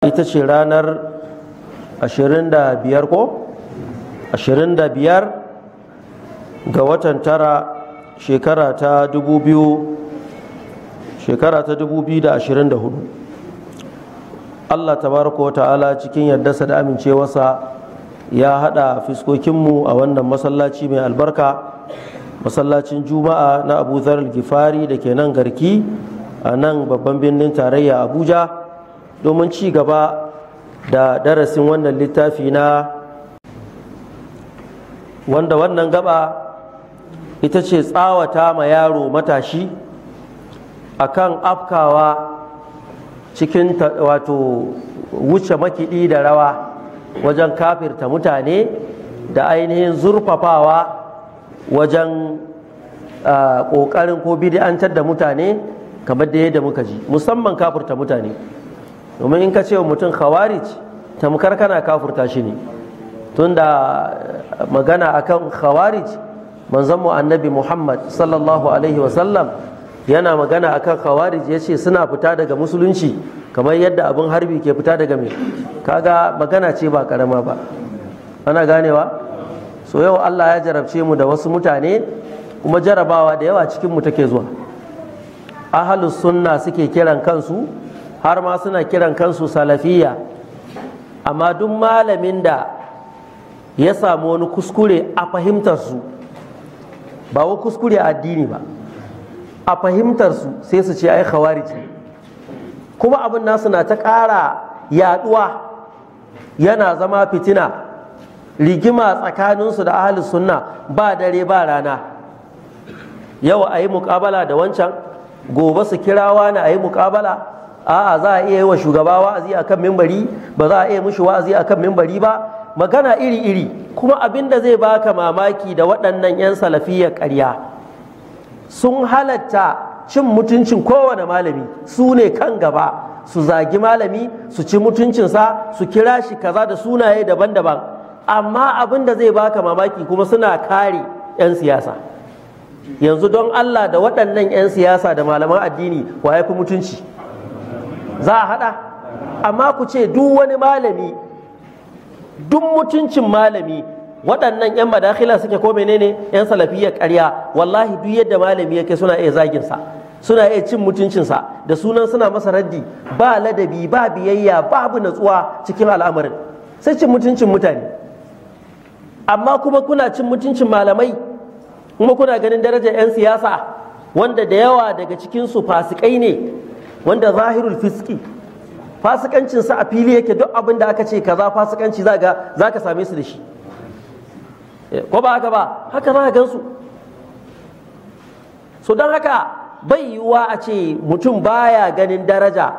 ita ce ranar 25 ko 25 ga watan tara shekara ta 2000 shekara ta 2024 Allah tabaraka wa ta'ala cikin yardarsa da amincewarsa ya hada fiskokinmu a wannan masallaci mai albarka masallacin juma'a na abu zarar gifari da ke nan garki a nan babban birnin tarayya abuja domin ci gaba da darasin wannan littafi na wanda wannan gaba ita ce tsawata ma yaro matashi akan afkawa cikin wato wuce makiɗi da rawa wajen kafirta mutane da ainihin zurfafawa wajen ƙoƙarin ko bid'antar da mutane kamar da yadda muka ji musamman kafirta mutane domin in ka ce wa mutum khawarij tamkar kana kafurta shi ne tunda magana akan khawarij manzon mu annabi Muhammad sallallahu alaihi wasallam yana magana akan khawarij ya ce suna fita daga musulunci kamar yadda abin harbi ke fita daga mai kaga magana ce ba karama ba ana ganewa so yau Allah ya jarabce mu da wasu mutane kuma jarabawa da yawa cikin mu take zuwa ahalus sunna suke kiran kansu har ma suna kiran kansu salafiya amma duk malamin da ya samu wani kuskure a fahimtarsu ba wa kuskure a addini ba a fahimtarsu sai su ce ai khawarici kuma abin nasu na ta ƙara yaduwa yana zama fitina rigima tsakaninsu da ahalus sunna ba dare ba rana yau a yi mukabala da wancan gobe su kirawa na a yi mukabala a'a za a iya yi wa shugaba wa'azi a kan mimbari ba za a iya mushi wa'azi a kan mimbari ba magana iri-iri kuma abin da zai baka mamaki da waɗannan 'yan salafiya karya sun halatta cin mutuncin kowane malami su ne kan gaba su zagi malami su ci mutuncinsa su kira shi kaza da sunaye daban-daban amma abin da zai baka mamaki kuma suna kare 'yan siyasa yanzu don allah da waɗannan 'yan siyasa da malaman addini wa ya fi mutunci za a haɗa amma ku ce duk wani malami duk mutuncin malami waɗannan 'yan madakhila suke ko menene 'yan salafiya ƙarya wallahi duk yadda malami yake suna iya zaginsa suna iya cin mutuncinsa da sunan suna masa raddi ba ladabi ba biyayya babu natsuwa cikin al'amarin sai cin mutuncin mutane amma kuma kuna cin mutuncin malamai kuma kuna ganin darajar 'yan siyasa wanda da yawa daga cikinsu fasikai ne wanda zahirul fiski fasikancin sa a fili yake duk abin da aka ce kaza fasikanci za ka same su da shi eh, ko ba haka ba haka za ka gansu so don haka bai yiwuwa a ce mutum baya ganin daraja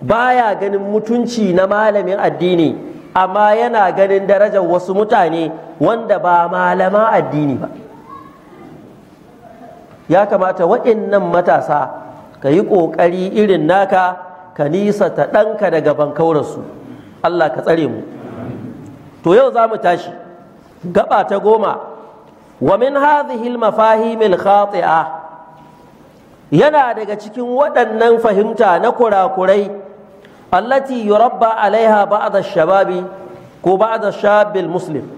baya ganin mutunci na malamin addini amma yana ganin darajar wasu mutane wanda ba malama addini ba ya kamata waɗannan matasa ka yi ƙoƙari irin naka ka nisa ta ɗanka daga bankaurarsu Allah ka tsare mu to yau za mu tashi gaba ta goma wa min hadhihi mafahimil khati'a yana daga cikin waɗannan fahimta na kurakurai allati yurabba alaiha ba'da shababi ko ba'da shabil muslim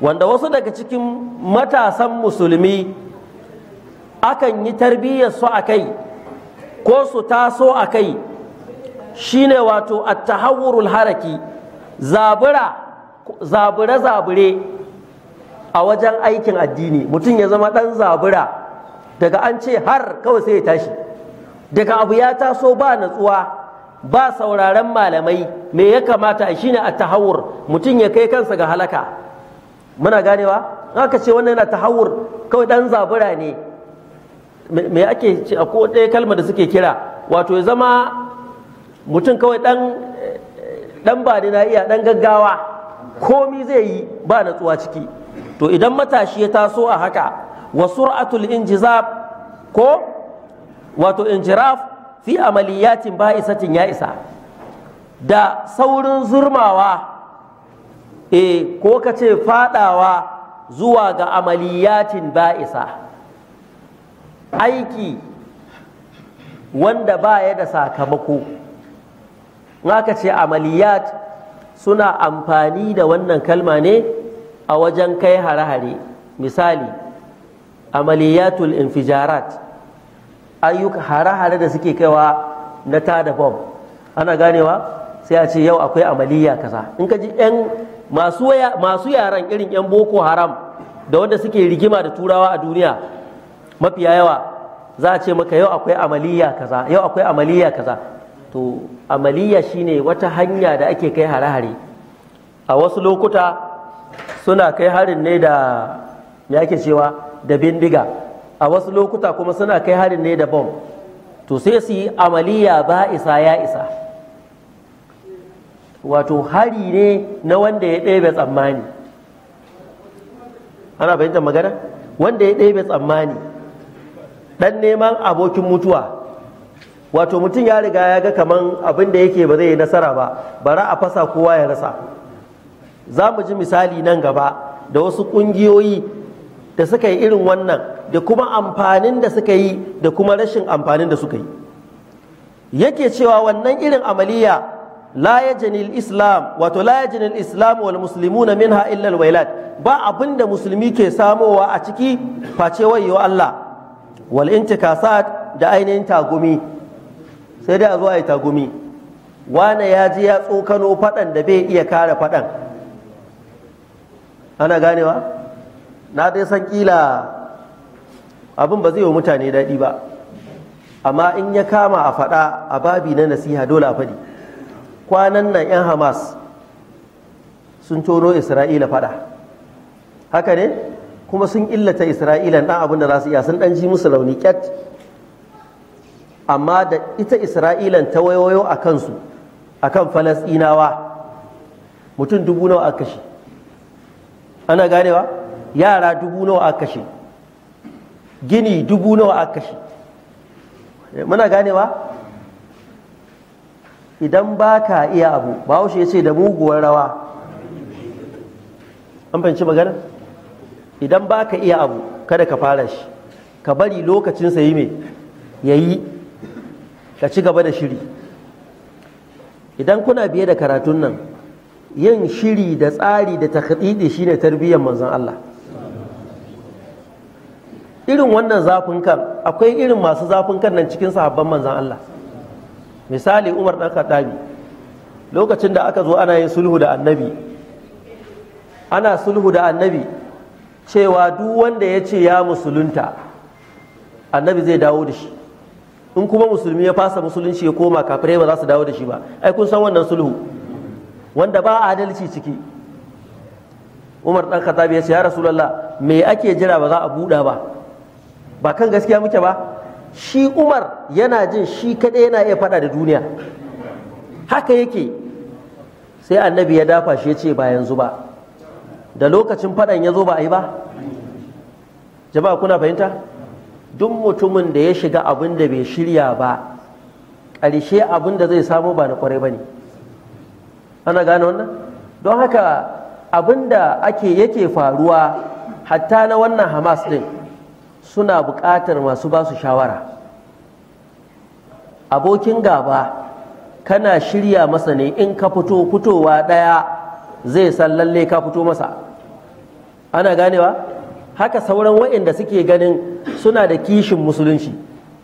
wanda wasu daga cikin matasan musulmi akan yi tarbiyyar su a kai ko su taso a kai shine wato a attahawurul haraki zabura zabure zabure a wajen aikin addini mutum ya zama ɗan zabura daga an ce har kawai sai ya tashi daga abu ya taso ba natsuwa ba sauraren malamai me ya kamata shine a tahawur mutum ya kai kansa ga halaka muna ganewa haka ce wannan na tahawur kawai ɗan zabura ne me ake ce ko ɗaya kalmar da suke kira wato ya zama mutum kawai ɗan ɗan ba na iya ɗan gaggawa komi zai yi ba natsuwa ciki to idan matashi ya taso a haka wa sur'atul injizab ko wato injiraf fi amaliyatin ba isa ya isa da saurin zurmawa e ko ka ce fadawa zuwa ga amaliyatin ba isa aiki wanda ba ya da sakamako aka ce amaliyat suna amfani da wannan kalma ne a wajen kai hare-hare misali amaliyatul infijarat ayyuka hare-hare da suke kaiwa na tada bom ana ganewa sai a ce yau akwai amaliya kaza in ka ji masu yaran irin 'yan boko haram da wanda suke rigima da turawa a duniya mafiya yawa za a ce maka yau akwai amaliya kaza yau akwai amaliya kaza to amaliya shine wata hanya da ake kai hare-hare a wasu lokuta suna kai harin ne da me ake cewa da bindiga a wasu lokuta kuma suna kai harin ne da bom to sai su yi amaliya ba isa ya isa wato hari ne na wanda ya ɗebe tsammani ana fahimtar magana wanda ya ɗebe tsammani Ɗan neman abokin mutuwa wato mutum ya riga ya ga kaman abin da yake ba zai yi nasara ba bara a fasa kowa ya rasa za mu ji misali nan gaba da wasu ƙungiyoyi da suka yi irin wannan da kuma amfanin da suka yi da kuma rashin amfanin da suka yi yake cewa wannan irin amaliya la yajnil islam wato la yajnil islam wal muslimuna minha illa al ba abinda da musulmi ke samowa a ciki face wayewa Allah wal intikasat da ainihin tagumi sai dai a zuwa a tagumi wane ya ji ya tsokano faɗan da bai iya kare faɗan ana ganewa na dai san kila abin ba zai wa mutane daɗi ba amma in ya kama a faɗa a babi na nasiha dole a faɗi kwanan nan 'yan hamas sun tono isra'ila faɗa haka ne kuma sun illata isra'ila ɗan abin da za su iya sun ɗan ji musu rauni ƙyat amma da ita isra'ilan ta wayoyo a kansu a kan falasɗinawa mutum dubu nawa a kashe ana ganewa yara dubu nawa a kashe gini dubu nawa a kashe muna ganewa idan ba ka iya abu bahaushe ya ce da muguwar rawa an fahimci magana idan ba ka iya abu kada ka fara shi ka bari lokacin sa yi me ya yi ka ci gaba da shiri idan kuna biye da karatun nan yin shiri da tsari da shi shine tarbiyyar manzon Allah irin wannan zafin kan akwai irin masu zafin kan nan cikin sahabban manzon Allah misali Umar ɗan Khattabi lokacin da aka zo ana yin sulhu da annabi ana sulhu da annabi cewa duk wanda ya ce ya musulunta annabi zai dawo da shi in kuma musulmi ya fasa musulunci ya koma kafirai ba za su dawo da shi ba ai kun san wannan sulhu wanda ba adalci ciki umar ɗan khattab ya ce ya rasulullah me ake jira ba za a buɗa ba ba kan gaskiya muke ba shi umar yana jin shi kaɗai yana iya faɗa da duniya haka yake sai annabi ya dafa shi ya ce ba yanzu ba da lokacin faɗan ya zo ba a yi ba jama'a kuna fahimta duk mutumin da ya shiga abin da bai shirya ba ƙarshe abin da zai samu ba na kwarai ba ne ana gane wannan don haka abin da ake yake faruwa hatta na wannan hamas din suna buƙatar masu ba su shawara abokin gaba kana shirya masa ne in ka fito fitowa ɗaya zai san lalle ka fito masa ana ganewa haka sauran waɗanda suke ganin suna da kishin musulunci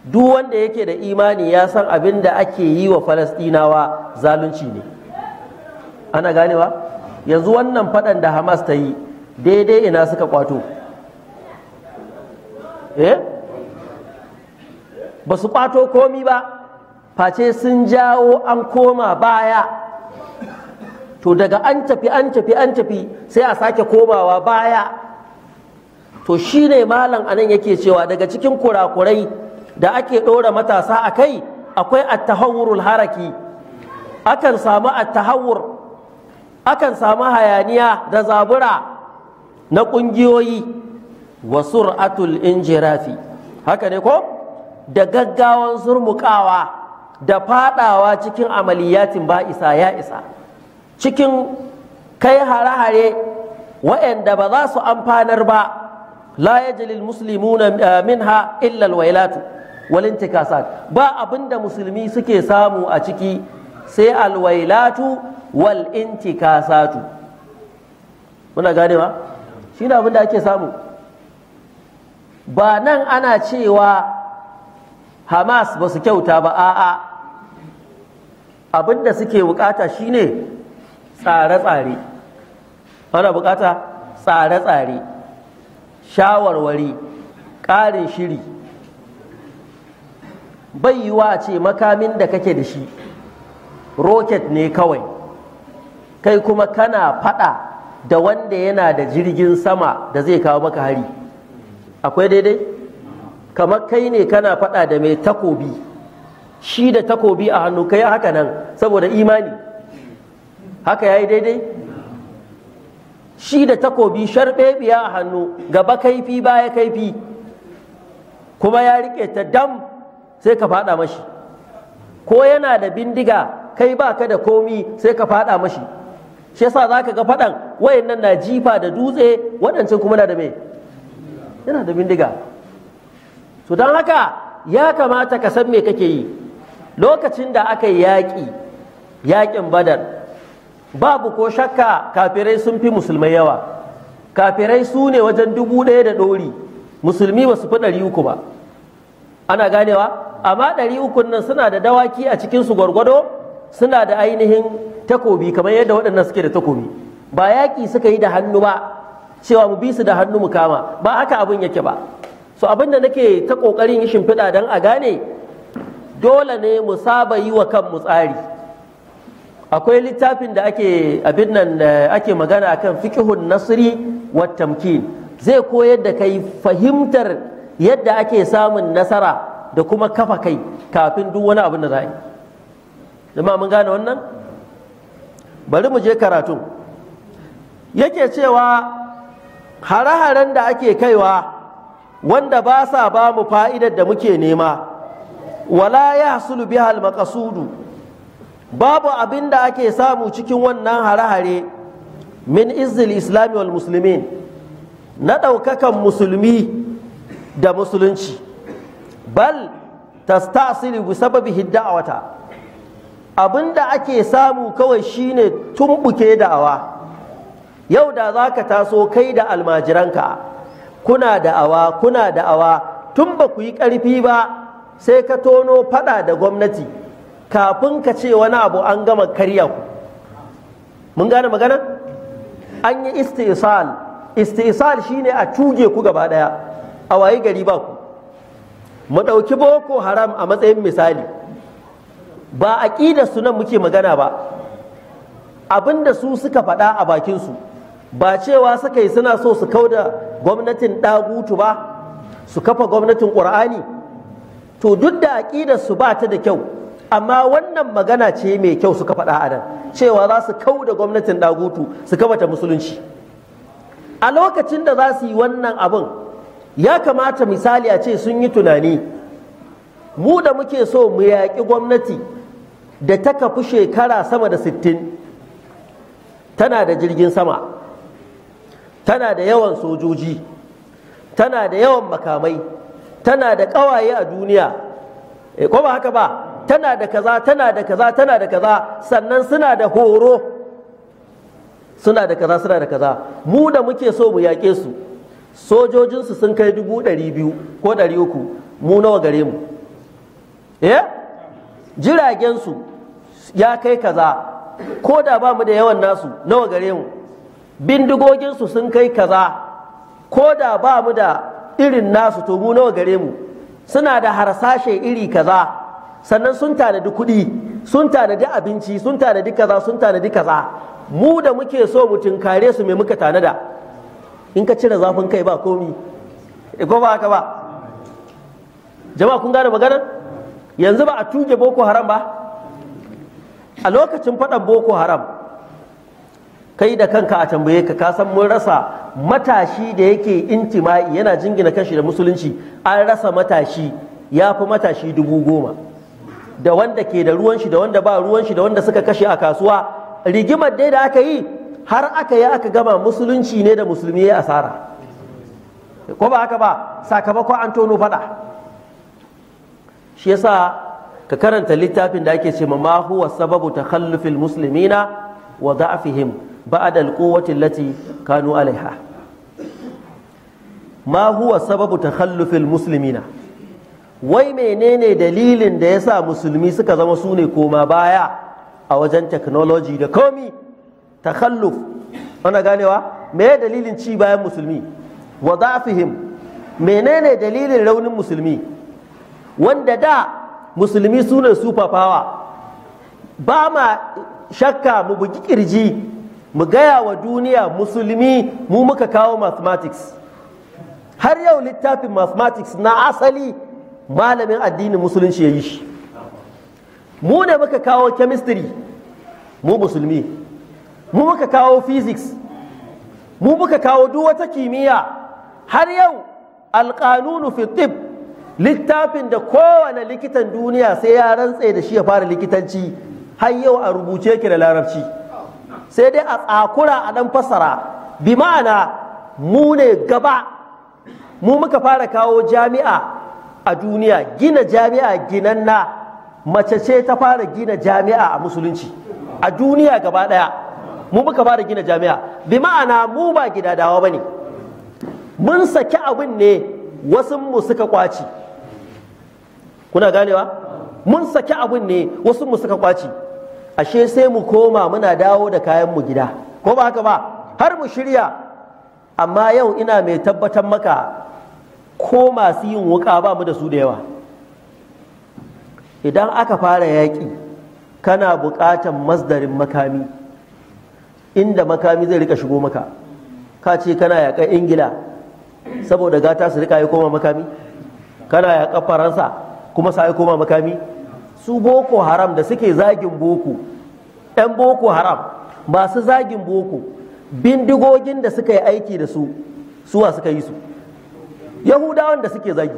duk wanda yake da imani ya san abin da ake yi wa falastinawa zalunci ne ana ganewa yanzu wannan faɗan da hamas ta yi daidai ina suka kwato eh? ba su kwato komi ba face sun jawo an koma baya to daga an tafi an tafi an tafi sai a sake komawa baya to shine malam anan yake cewa daga cikin kurakurai da ake ɗora matasa a kai akwai attahawurul haraki akan samu attahawur akan samu hayaniya da zabura na ƙungiyoyi wa sur'atul injirafi haka ne ko da gaggawan surmukawa da fadawa cikin amaliyatin ba isa ya isa cikin kai hare-hare wa'anda ba za su amfanar ba la yajlil muslimuna eh, minha illa alwailatu wal ba abinda musulmi suke samu a ciki sai alwailatu wal intikasatu muna ganewa abin abinda ake samu ba nan ana cewa hamas ba su kyauta ba a'a abinda suke bukata shine tsare-tsare ana bukata tsare-tsare shawarwari ƙarin shiri bai yiwa ce makamin da kake da shi roket ne kawai kai kuma kana fada da wanda yana da jirgin sama da zai kawo maka hari akwai daidai kamar kai ne kana fada da mai takobi shi da takobi a hannu kai haka nan saboda imani haka ya yi daidai shi da takobi biya a hannu gaba kaifi baya kaifi kuma ya rike ta dam sai ka fada mashi ko yana da bindiga kai ba ka da komi sai ka faɗa mashi shi yasa ka ga faɗan wayannan na jifa da dutse waɗancan kuma na da me yana da bindiga to don haka ya kamata ka san me kake yi lokacin da aka yi yaƙi yaƙin badar babu ko shakka kafirai sun fi musulmai yawa kafirai su ne wajen dubu ɗaya da ɗori musulmi ba su fi ɗari uku ba ana ganewa amma ɗari ukun nan suna da dawaki a cikin su gwargwado suna da ainihin takobi kamar yadda waɗannan suke da takobi ba yaƙi suka yi da hannu ba cewa mu bi su da hannu mu kama ba haka abin yake ba so abin da nake ta ƙoƙarin yi shimfiɗa don a gane dole ne mu saba yi wa kanmu tsari akwai littafin da ake abin nan eh, ake magana akan fiqhun nasri wa tamkin zai koyar da kai fahimtar yadda ake samun nasara da kuma kafa kai kafin duk wani abin da za jama'a mun gane wannan bari mu je karatu yake cewa hare-haren da ake kaiwa wanda ba sa ba mu fa'idar da muke nema wala ya hasulu bihal maqasudu babu abin da ake samu cikin wannan hare-hare min izil islami wal musulmin na ɗaukakan musulmi da musulunci bal ta stasiri bu sababi wata. abin da ake samu kawai shine tumbuke da'awa yau da za ka taso kai da almajiranka kuna da'awa kuna da'awa tun ba ku yi ƙarfi ba sai ka tono fada da gwamnati kafin ka ce wani abu an gama karya ku mun gane magana an yi istisal istisal shine a cuge ku gaba daya a wayi gari ba ku mu ɗauki boko haram a matsayin misali ba a su nan muke magana ba abinda su suka faɗa a bakin su ba cewa suka yi suna so su kauda gwamnatin ɗab'utu ba su kafa gwamnatin ƙur'ani to duk da aƙidar su ba ta da kyau amma wannan magana ce mai kyau suka faɗa a nan cewa za su kau da gwamnatin ɗagutu su ta musulunci a lokacin da za su yi wannan abin ya kamata misali a ce sun yi tunani mu da muke so mu yaƙi gwamnati da ta kafi shekara sama da sittin tana da jirgin sama tana da yawan sojoji tana da yawan makamai tana da ƙawaye a duniya eh, ko ba haka ba tana da kaza tana da kaza tana da kaza sannan suna da horo suna da kaza suna da kaza mu da muke so mu yaƙe su sojojinsu sun kai dubu ɗari biyu ko ɗari uku mu nawa gare mu eh jiragensu ya kai kaza ko da ba mu da yawan nasu nawa gare mu bindigoginsu sun kai kaza ko da ba mu da irin nasu to mu nawa gare mu suna da harsashe iri kaza sannan sun tanadi kuɗi sun tanadi abinci sun tanadi kaza sun tanadi kaza mu da muke so mu tunkare su mai muka tanada in ka cire zafin kai ba komi eh, ko ba haka ba jama'a kun gane magana yanzu ba a tuge boko haram ba a lokacin faɗan boko haram kai da kanka a tambaye ka kasan mun rasa matashi da yake intima'i yana jingina kashi da musulunci an rasa matashi ya fi matashi dubu goma da wanda ke da ruwan shi da wanda ba ruwan shi da wanda suka kashe a kasuwa rigimar dai da aka yi har aka yi aka gama musulunci ne da musulmi ya asara ko ba haka ba sakamakon an tono faɗa shi yasa ka karanta littafin da ake ce ma huwa sababu takhallufil muslimina wa da'fihim ba'da quwwati allati kanu alaiha ma huwa sababu takhallufil muslimina wai menene dalilin da ya sa musulmi suka zama su ne koma baya a wajen technology da komi takalluf ana ganewa me dalilin ci bayan musulmi wa da'fihim menene dalilin raunin musulmi wanda da musulmi su ne super power ba ma shakka mu bugi kirji mu gaya wa duniya musulmi mu muka kawo mathematics har yau littafin mathematics na asali malamin addinin musulunci ya yi shi mu ne muka kawo chemistry mu musulmi mu muka kawo physics mu muka kawo duk wata kimiyya har yau alƙanunu fi tib littafin da kowane likitan duniya sai ya rantse da shi ya fara likitanci har yau a rubuce ki da larabci sai dai a tsakura a ɗan fassara bi ma'ana mu ne gaba mu muka fara kawo jami'a a duniya gina jami'a ginanna mace ce ta fara gina jami'a a musulunci a duniya gaba daya mu muka fara gina jami'a bi ma'ana mu ba gida ba ne mun saki abin ne wasu mu suka kwaci kuna ganewa mun saki abin ne wasu mu suka kwaci ashe sai mu koma muna dawo da kayan mu gida ko ba haka ba har mu shirya amma yau ina mai tabbatar maka ko masu yin wuka ba mu da su da yawa idan aka fara yaƙi kana buƙatar masdarin makami inda makami zai rika shigo maka ka ce kana yaƙar ingila saboda gata su rika yi koma makami kana yaƙar faransa kuma sa yi koma makami su boko haram da suke zagin boko 'yan boko haram masu zagin boko bindigogin da suka yi aiki da su suwa suka yi su yahudawan da suke zagi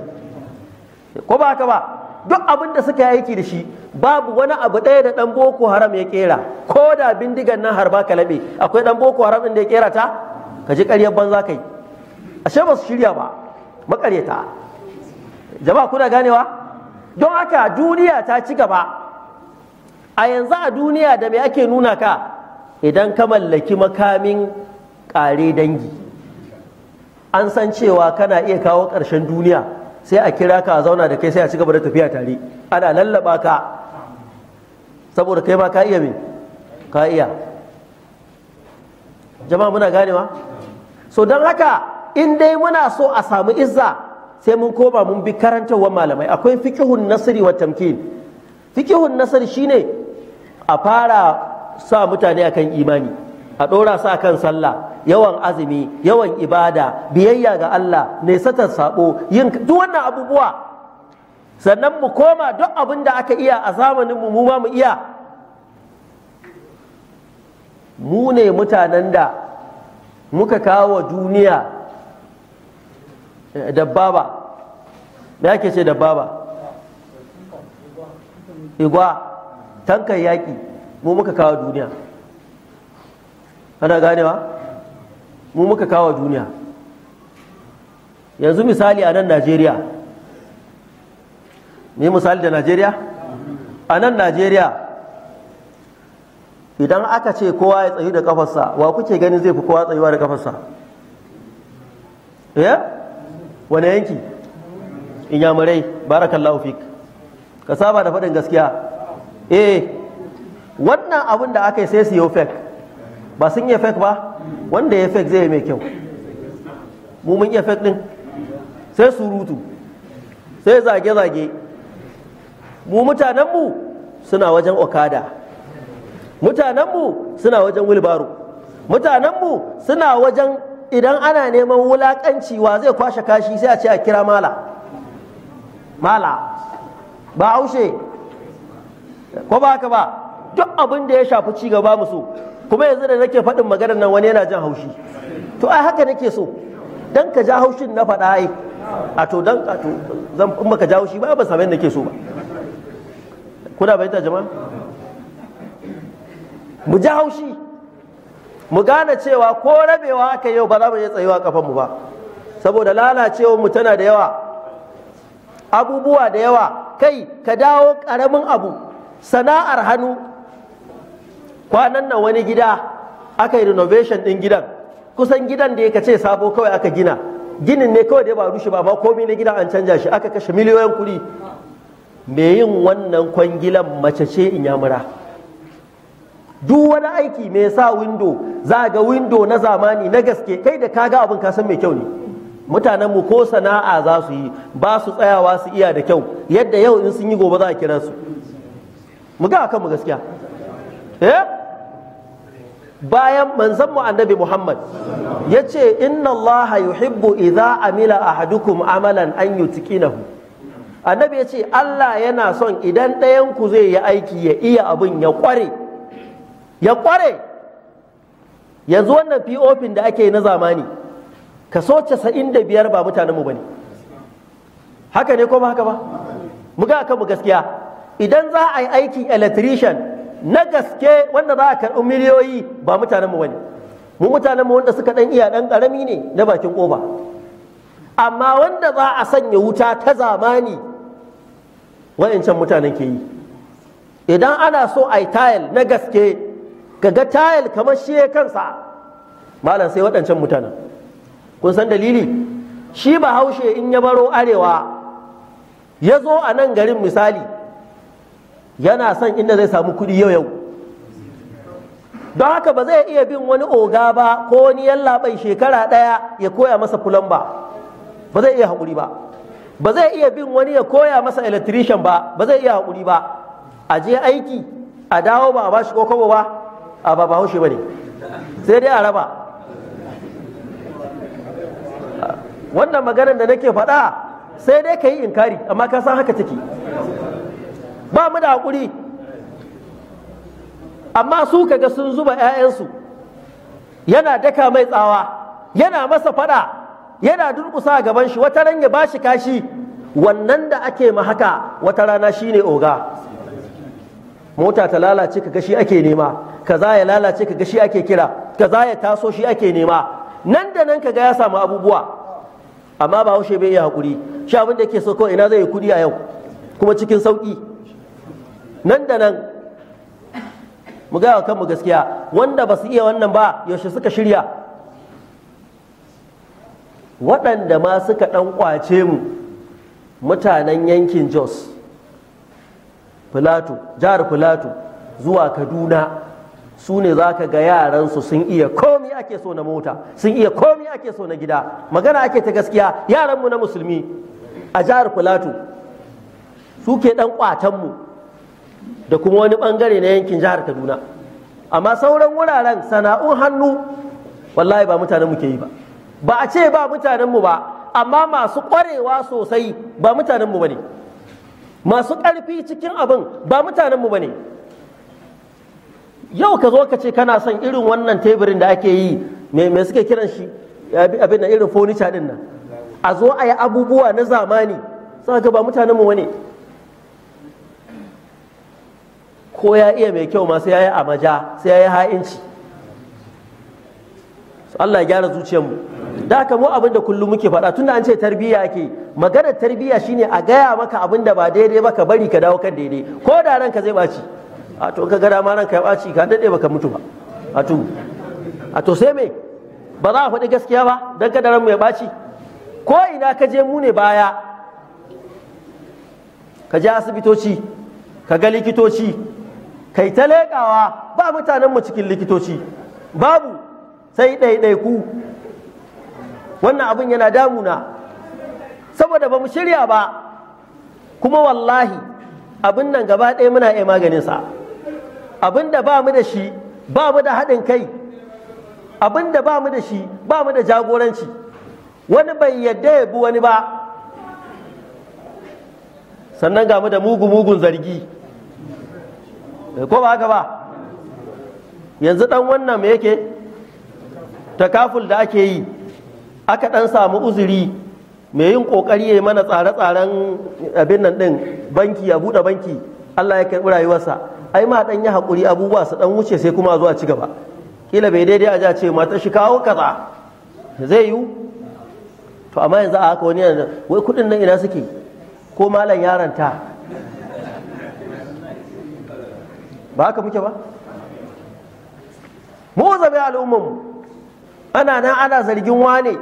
ko ba haka ba duk abin da suka aiki da shi babu wani abu ɗaya da ɗan boko haram ya kera ko da bindigan nan harba ka laɓe akwai ɗan boko haram ɗin da ya kera ta ka ji ƙaryar banza kai ashe ba su shirya ba maƙaryata jama'a kuna ganewa don haka duniya ta ci gaba a yanzu a duniya da me ake nuna ka idan ka mallaki makamin ƙare dangi an san cewa kana iya kawo ƙarshen duniya sai a kira ka zauna da kai sai a ci gaba da tafiya tare ana lallaba ka saboda kai ma ka iya me ka iya jama'a muna ganewa so don haka in dai muna so a samu izza sai mun koma mun bi karantarwar malamai akwai fikihun nasiri wa tamkin Fikihun nasiri shine a fara sa mutane akan imani a ɗora sa kan sallah yawan azumi yawan ibada biyayya ga Allah satar saɓo, yin duk wannan abubuwa sannan mu koma duk abin da aka iya a zamanin mu mu ma mu iya mu ne mutanen da muka kawo duniya eh, dabbaba me ake ce dabbaba igwa tankan yaƙi mu muka kawo duniya ana ganewa mu muka kawo duniya yanzu misali a nan najeriya ne misali da najeriya a nan najeriya idan aka ce kowa ya tsayu da kafarsa wa kuke ganin zai fi kowa tsayuwa da kafarsa ya eh? wane yanki inyamurai barakallahu fik ka saba da faɗin gaskiya eh wannan abin da aka yi sai su yi fake ba sun iya fake ba wanda ya fake zai mai kyau mu mun iya fake din sai surutu sai zage-zage mu mutanenmu suna wajen okada mutanenmu suna wajen wilbaro mutanenmu suna wajen idan ana neman wulakanci wa zai kwashe kashi sai a ce a kira mala mala ba aushe ko ba haka ba duk abin da ya shafi cigaba musu kuma yanzu da nake faɗin maganar nan wani yana jan haushi to ai haka nake so dan ka ja haushin na faɗa ai a to dan ka to zan in baka ja haushi ba ba samu nake so ba kuna bayyana jama'a mu ja haushi mu gane cewa ko rabewa aka yau ba za mu iya tsayuwa kafan mu ba saboda lalacewar mu tana da yawa abubuwa da yawa kai ka dawo ƙaramin abu sana'ar hannu kwanan nan wani gida aka yi renovation din gidan kusan gidan da ya ce sabo kawai aka gina ginin ne kawai da ba rushe ba ba komai na gidan an canja shi aka kashe miliyoyin kuɗi me yin wannan kwangilan mace ce in yamura duk wani aiki mai sa windo za ga windo na zamani na gaske kai da kaga abin ka san mai kyau ne mutanen mu ko sana'a za su yi ba su tsayawa su iya da kyau yadda yau in sun yi gobe za a kira su mu ga akan mu gaskiya eh bayan manzon mu annabi Muhammad Ya ce inna Allah yuhibbu idza amila ahadukum amalan an yutqinahu annabi ya ce, Allah yana son idan ɗayan ku zai yi aiki ya iya abin ya kware ya kware yanzu wannan POP da ake na zamani kaso 95 ba mutanen mu bane haka ne ko ba haka ba muga akan mu gaskiya idan za a yi aiki electrician na gaske wanda za a karɓi miliyoyi ba mutanenmu bane mu mutanenmu wanda suka ɗan iya ɗan ƙarami ne na bakin ƙofa amma wanda za a sanya wuta ta zamani wa'ancan mutanen ke yi idan ana so a yi tayil na gaske kaga tayil kamar shi kansa malam sai waɗancan mutanen kun san dalili shi ba haushe in ya baro arewa ya zo a nan garin misali yana son inda zai samu kuɗi yau yau don haka ba zai iya bin wani oga ba ko wani yallaɓai shekara ɗaya ya koya masa fulamba ba zai iya haƙuri ba ba zai iya bin wani ya koya masa electrician ba ba zai iya haƙuri ba a je aiki a dawo ba a ba shi kokobo ba a ba ba haushe ba ne sai dai a raba wannan maganar da nake faɗa sai dai ka yi inkari amma ka san haka take ba mu da hakuri amma su kaga sun zuba 'ya'yansu yana daka mai tsawa yana masa fada yana durƙusa gaban shi wata ran ya shi kashi wannan da ake ma haka wata rana shine oga mota ta lalace ka gashi ake nema kaza ya lalace ka gashi ake kira kaza ya taso shi ake nema nan da nan kaga ya samu abubuwa amma ba haushe bai iya hakuri shi abin da yake so ina zai yi kudi a yau kuma cikin sauki nan da nan mu gaya wa kanmu gaskiya wanda ba su iya wannan ba yaushe suka shirya waɗanda ma suka ɗan ƙwace mu mutanen yankin jos filato jihar filato zuwa kaduna su ne za ka ga yaransu sun iya komi ake so na mota sun iya komi ake so na gida magana ake ta gaskiya yaranmu na musulmi a jihar filato su ke ɗan kwatanmu. mu da kuma wani bangare na yankin jihar kaduna amma sauran wuraren sana'un hannu wallahi ba mutanen mu ke yi ba ba a ce ba mutanen mu ba amma masu ƙwarewa sosai ba mutanen mu bane masu ƙarfi cikin abin ba mutanen mu bane yau ka zo ka ce kana son irin wannan teburin da ake yi me suke kiran shi abin da irin furniture din nan a zo a yi abubuwa na zamani sai ga ba mutanen mu bane ko ya iya mai kyau ma sai ya yi amaja sai ya yi ha'inci Allah ya gyara mu. da haka mu abinda kullum muke faɗa da an ce tarbiyya ake maganar tarbiyya shine a gaya maka abinda ba daidai ba ka bari ka dawo kan daidai ko da ranka zai ɓaci a to ka gada ma ranka ya ɓaci ka daɗe baka mutu ba a to a to sai me ba za a faɗi gaskiya ba don da ranmu ya ɓaci ko ina ka je mu ne baya ka je asibitoci ka ga likitoci kai ta leƙawa ba mutanenmu cikin likitoci babu sai ɗaiɗaiku wannan abin yana damuna saboda ba mu shirya ba kuma wallahi abin nan gaba ɗaya muna iya maganinsa abin da ba mu da shi ba mu da haɗin kai abin da ba mu da shi ba mu da jagoranci wani bai yadda ya bi wani ba sannan ga mu da mugu mugun zargi Eh, ko ba haka ba yanzu dan wannan me yake takaful da ake yi aka dan samu uzuri mai yin kokari ya mana tsare-tsaren abin nan din banki ya bude banki Allah ya karbi rayuwarsa ai ma dan yi hakuri abubuwa su dan wuce sai kuma zuwa ci gaba kila bai daidai a ja ce mata shi kawo kaza zai yi to amma yanzu a haka wani wai kudin nan ina suke ko malam yaranta ba haka muke ba mu zabe al'umman ana nan ana zargin wane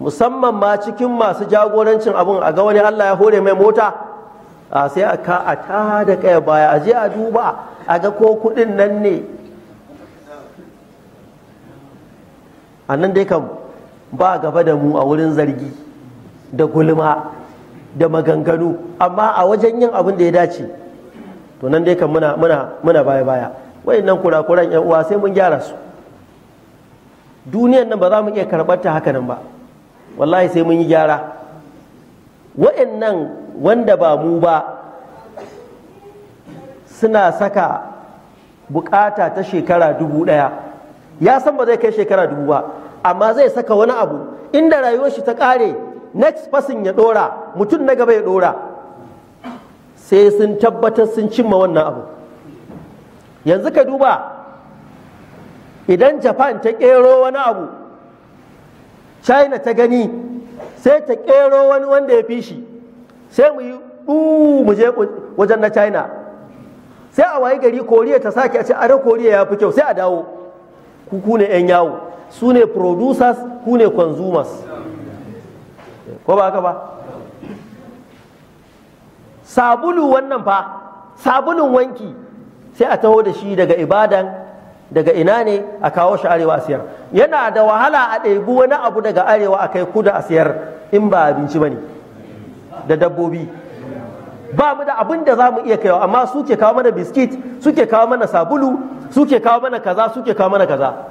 musamman ma cikin masu jagorancin abun a ga wani Allah ya hore mai mota a sai a ka a ta da kai baya a je a duba a ga ko kudin nan ne a dai kam ba gaba da mu a wurin zargi da gulma da maganganu amma a wajen yin abin da ya dace to nan dai kan muna muna baya baya wayannan kurakuran yan uwa sai mun gyara su duniyan nan ba za mu iya karɓar ta haka nan ba wallahi sai mun yi gyara wayannan wanda ba mu ba suna saka bukata ta shekara dubu ɗaya ya san ba zai kai shekara dubu ba amma zai saka wani abu inda rayuwar shi ta ƙare next person ya ɗora mutum na gaba ya ɗora sai sun tabbatar sun cimma wannan abu yanzu ka duba idan japan ta kero wani abu china ta gani sai ta kero wani wanda ya fi shi sai mu yi mu je wajen na china sai a wayi gari koriya ta sake a ce are koriya ya fi kyau sai a dawo ku ne 'yan yawo su ne producers ku ne consumers ko ba haka ba sabulu wannan fa sabulun wanki sai a taho da shi daga ibadan daga ina ne a kawo shi arewa a siyar yana da wahala a ɗa'ibu wani abu daga arewa a kai kuda a siyar in ba abinci ba ne da dabbobi ba mu da abin da za mu iya kaiwa amma suke kawo mana biskit suke kawo mana sabulu suke kawo mana kaza suke kawo mana kaza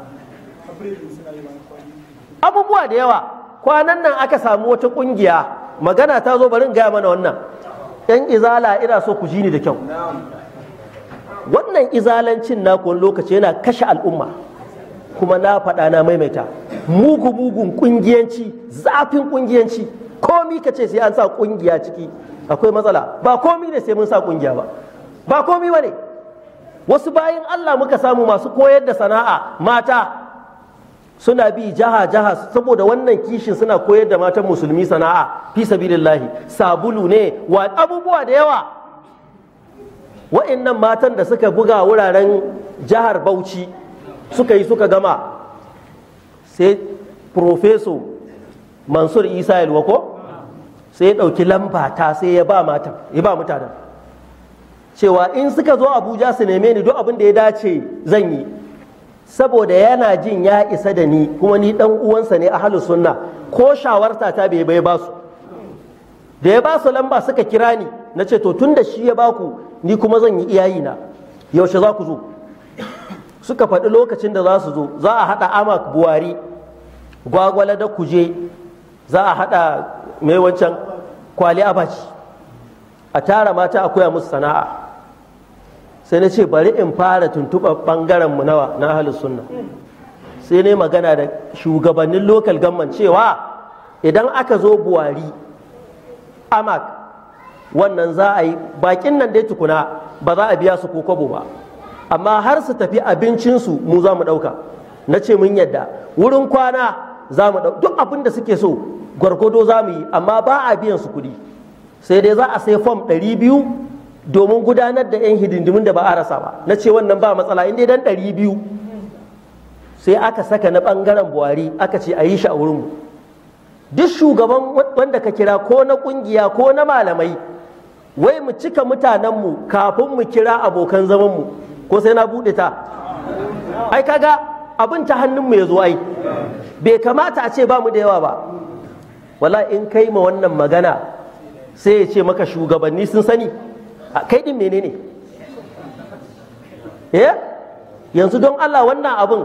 abubuwa da yawa kwanan nan aka samu wata kungiya magana ta zo bari in gaya mana wannan yan izala ina so ku ji ni da kyau wannan izalancin na wani lokaci yana kashe al'umma kuma na faɗa na maimaita mugu mugun ƙungiyanci, zafin ƙungiyanci komi ka ce sai an sa ƙungiya ciki akwai matsala ba komi ne sai mun sa ƙungiya ba ba komi ba ne wasu bayan Allah muka samu masu koyar da sana'a mata suna bi jaha jaha saboda wannan kishin suna koyar da matan musulmi sana'a fi sabilillahi sabulu ne wa abubuwa da yawa wa'annan matan da suka buga wuraren jihar Bauchi suka yi suka gama sai profeso Mansur Isa Yalwa ko sai ya ɗauki lamba sai ya ba matan ya ba mutanen cewa in suka zo Abuja su neme ni duk abin da ya dace zan yi saboda yana jin ya isa da ni kuma ni dan uwansa ne a ahlus sunna ko shawarta ta bai bai ba su da ya ba su lamba suka kira ni na ce to tun da shi ya baku ni kuma zan yi iyayi na yaushe za ku zo suka faɗi lokacin da za su zo za a haɗa amak buwari gwagwala da kuje za a haɗa mai wancan kwali abaci a tara mata a koya musu sana'a sai na ce bari in fara tuntuɓa ɓangaren mu nawa na ahalus sunna sai ne magana da shugabannin lokal gamman cewa idan aka zo buwari amak wannan za a yi bakin nan dai tukuna ba za a biya su ko kwabo ba amma har su tafi abincinsu mu za mu ɗauka na ce mun yadda wurin kwana za mu ɗauka duk abin da suke so gwargwado za mu yi amma ba a biyan su kuɗi sai dai za a sai fom ɗari biyu domin gudanar da 'yan hidindimin da ba a rasa ba na ce wannan ba matsala inda dan ɗari biyu sai aka saka na ɓangaren buhari aka ce a yi shi a wurinmu duk shugaban wanda ka kira ko na ƙungiya ko na malamai wai mu cika mutanenmu kafin mu kira abokan zamanmu ko sai na buɗe ta ai kaga abin ta hannunmu ya zo ai bai kamata a ce ba mu da yawa ba wala in kai ma wannan magana sai ya ce maka shugabanni sun sani kai din menene eh yanzu don Allah wannan abin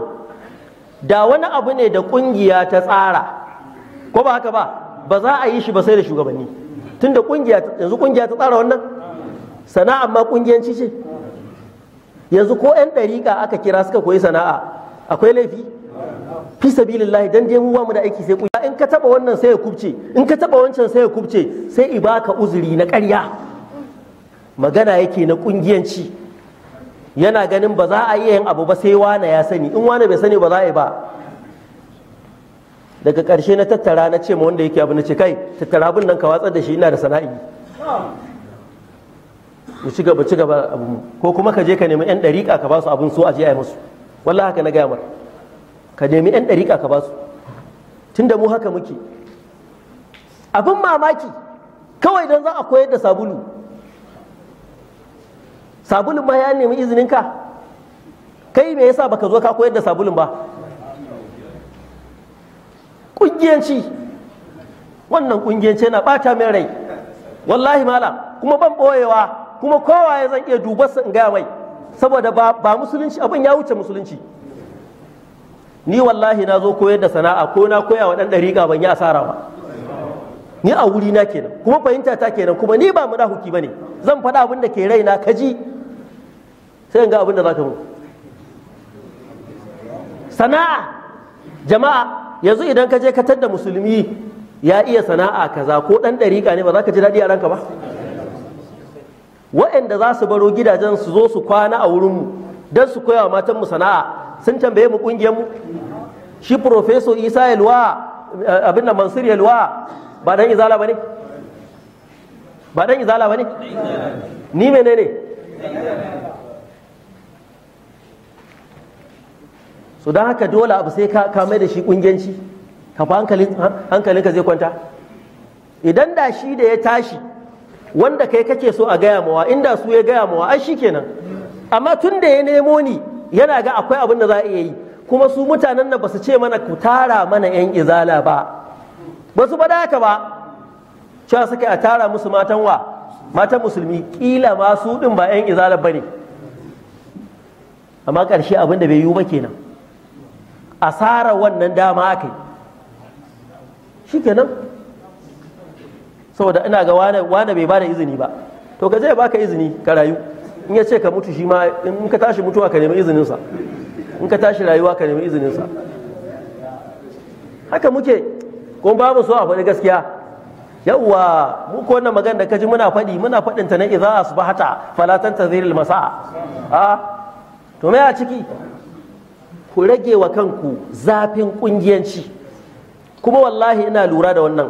da wani abu ne da kungiya ta tsara ko ba haka ba ba za a yi shi ba sai da shugabanni tunda kungiya yanzu kungiya ta tsara wannan sana'a ma kungiyanci ce yanzu ko 'yan ɗariƙa aka kira suka koyi sana'a akwai laifi fi sabilillahi dan dai mu mu da aiki sai kungiya in ka taba wannan sai ya kubce in ka taba wancan sai ya kubce sai i baka uzuri na ƙarya magana yake na kungiyanci yana ganin ba za a iya yin abu ba sai wane ya sani in wane bai sani ba za a yi ba daga ƙarshe na tattara na ce ma wanda yake abu na ce kai tattara abin nan ka watsar da shi ina da sana'i mu ci gaba ci gaba abu mu ko kuma ka je ka nemi yan dariƙa ka ba su abin so a je a yi musu wallahi haka na gaya mar ka nemi yan dariƙa ka ba su tunda mu haka muke abin mamaki kawai don za a koyar da sabulu sabulun ba ya nemi izinin ka kai me yasa baka zo ka koyar da sabulun ba kungiyanci wannan kungiyanci yana bata min rai wallahi mala kuma ban boyewa kuma kowa ya zan iya dubar in gaya mai saboda ba musulunci abin ya wuce musulunci ni wallahi na zo koyar da sana'a ko na koya wa ɗan ban yi asara ba ni a wuri na kenan kuma fahimta ta kenan kuma ni ba munafuki bane zan faɗa abin da ke raina ka ji sai in ga abin da za ka mu sana'a jama'a yanzu idan ka je ka tadda musulmi ya iya sana'a kaza ko dan ɗariƙa ne ba za ka ji daɗi a ranka ba waɗanda za su baro gidajen su zo su kwana a wurinmu don su koya wa mu sana'a sun tambaye mu ƙungiyarmu shi profeso isa yalwa eh, abin da mansur yalwa ba dan izala bane ba dan izala bane ni menene so don haka dole abu sai ka mai da shi kungiyanci ka fa hankalinka zai kwanta idan da shi da ya tashi wanda kai kake so a gaya mawa inda su ya gaya mawa ai shikenan amma tun da ya nemo ni yana ga akwai abin da za a iya yi kuma su mutanen da ba su ce mana ku tara mana yan izala ba ba su faɗa haka ba cewa suka a tara musu matan wa matan musulmi kila ma su ɗin ba 'yan izalar bane ne amma ƙarshe abin da bai yiwu ba kenan asara wannan dama aka yi shi kenan saboda ina ga wane bai ba da izini ba to ka zai ka izini ka rayu in ya ce ka mutu shi ma in ka tashi mutuwa ka nemi izininsa in ka tashi rayuwa ka nemi izininsa haka muke kuma babu so a faɗi gaskiya yawwa mu ko wannan magana da kaji muna faɗi muna faɗin ta na idza asbahata fala tantaziril masa a to me a ciki ku rage wa kanku zafin kungiyanci kuma wallahi ina lura da wannan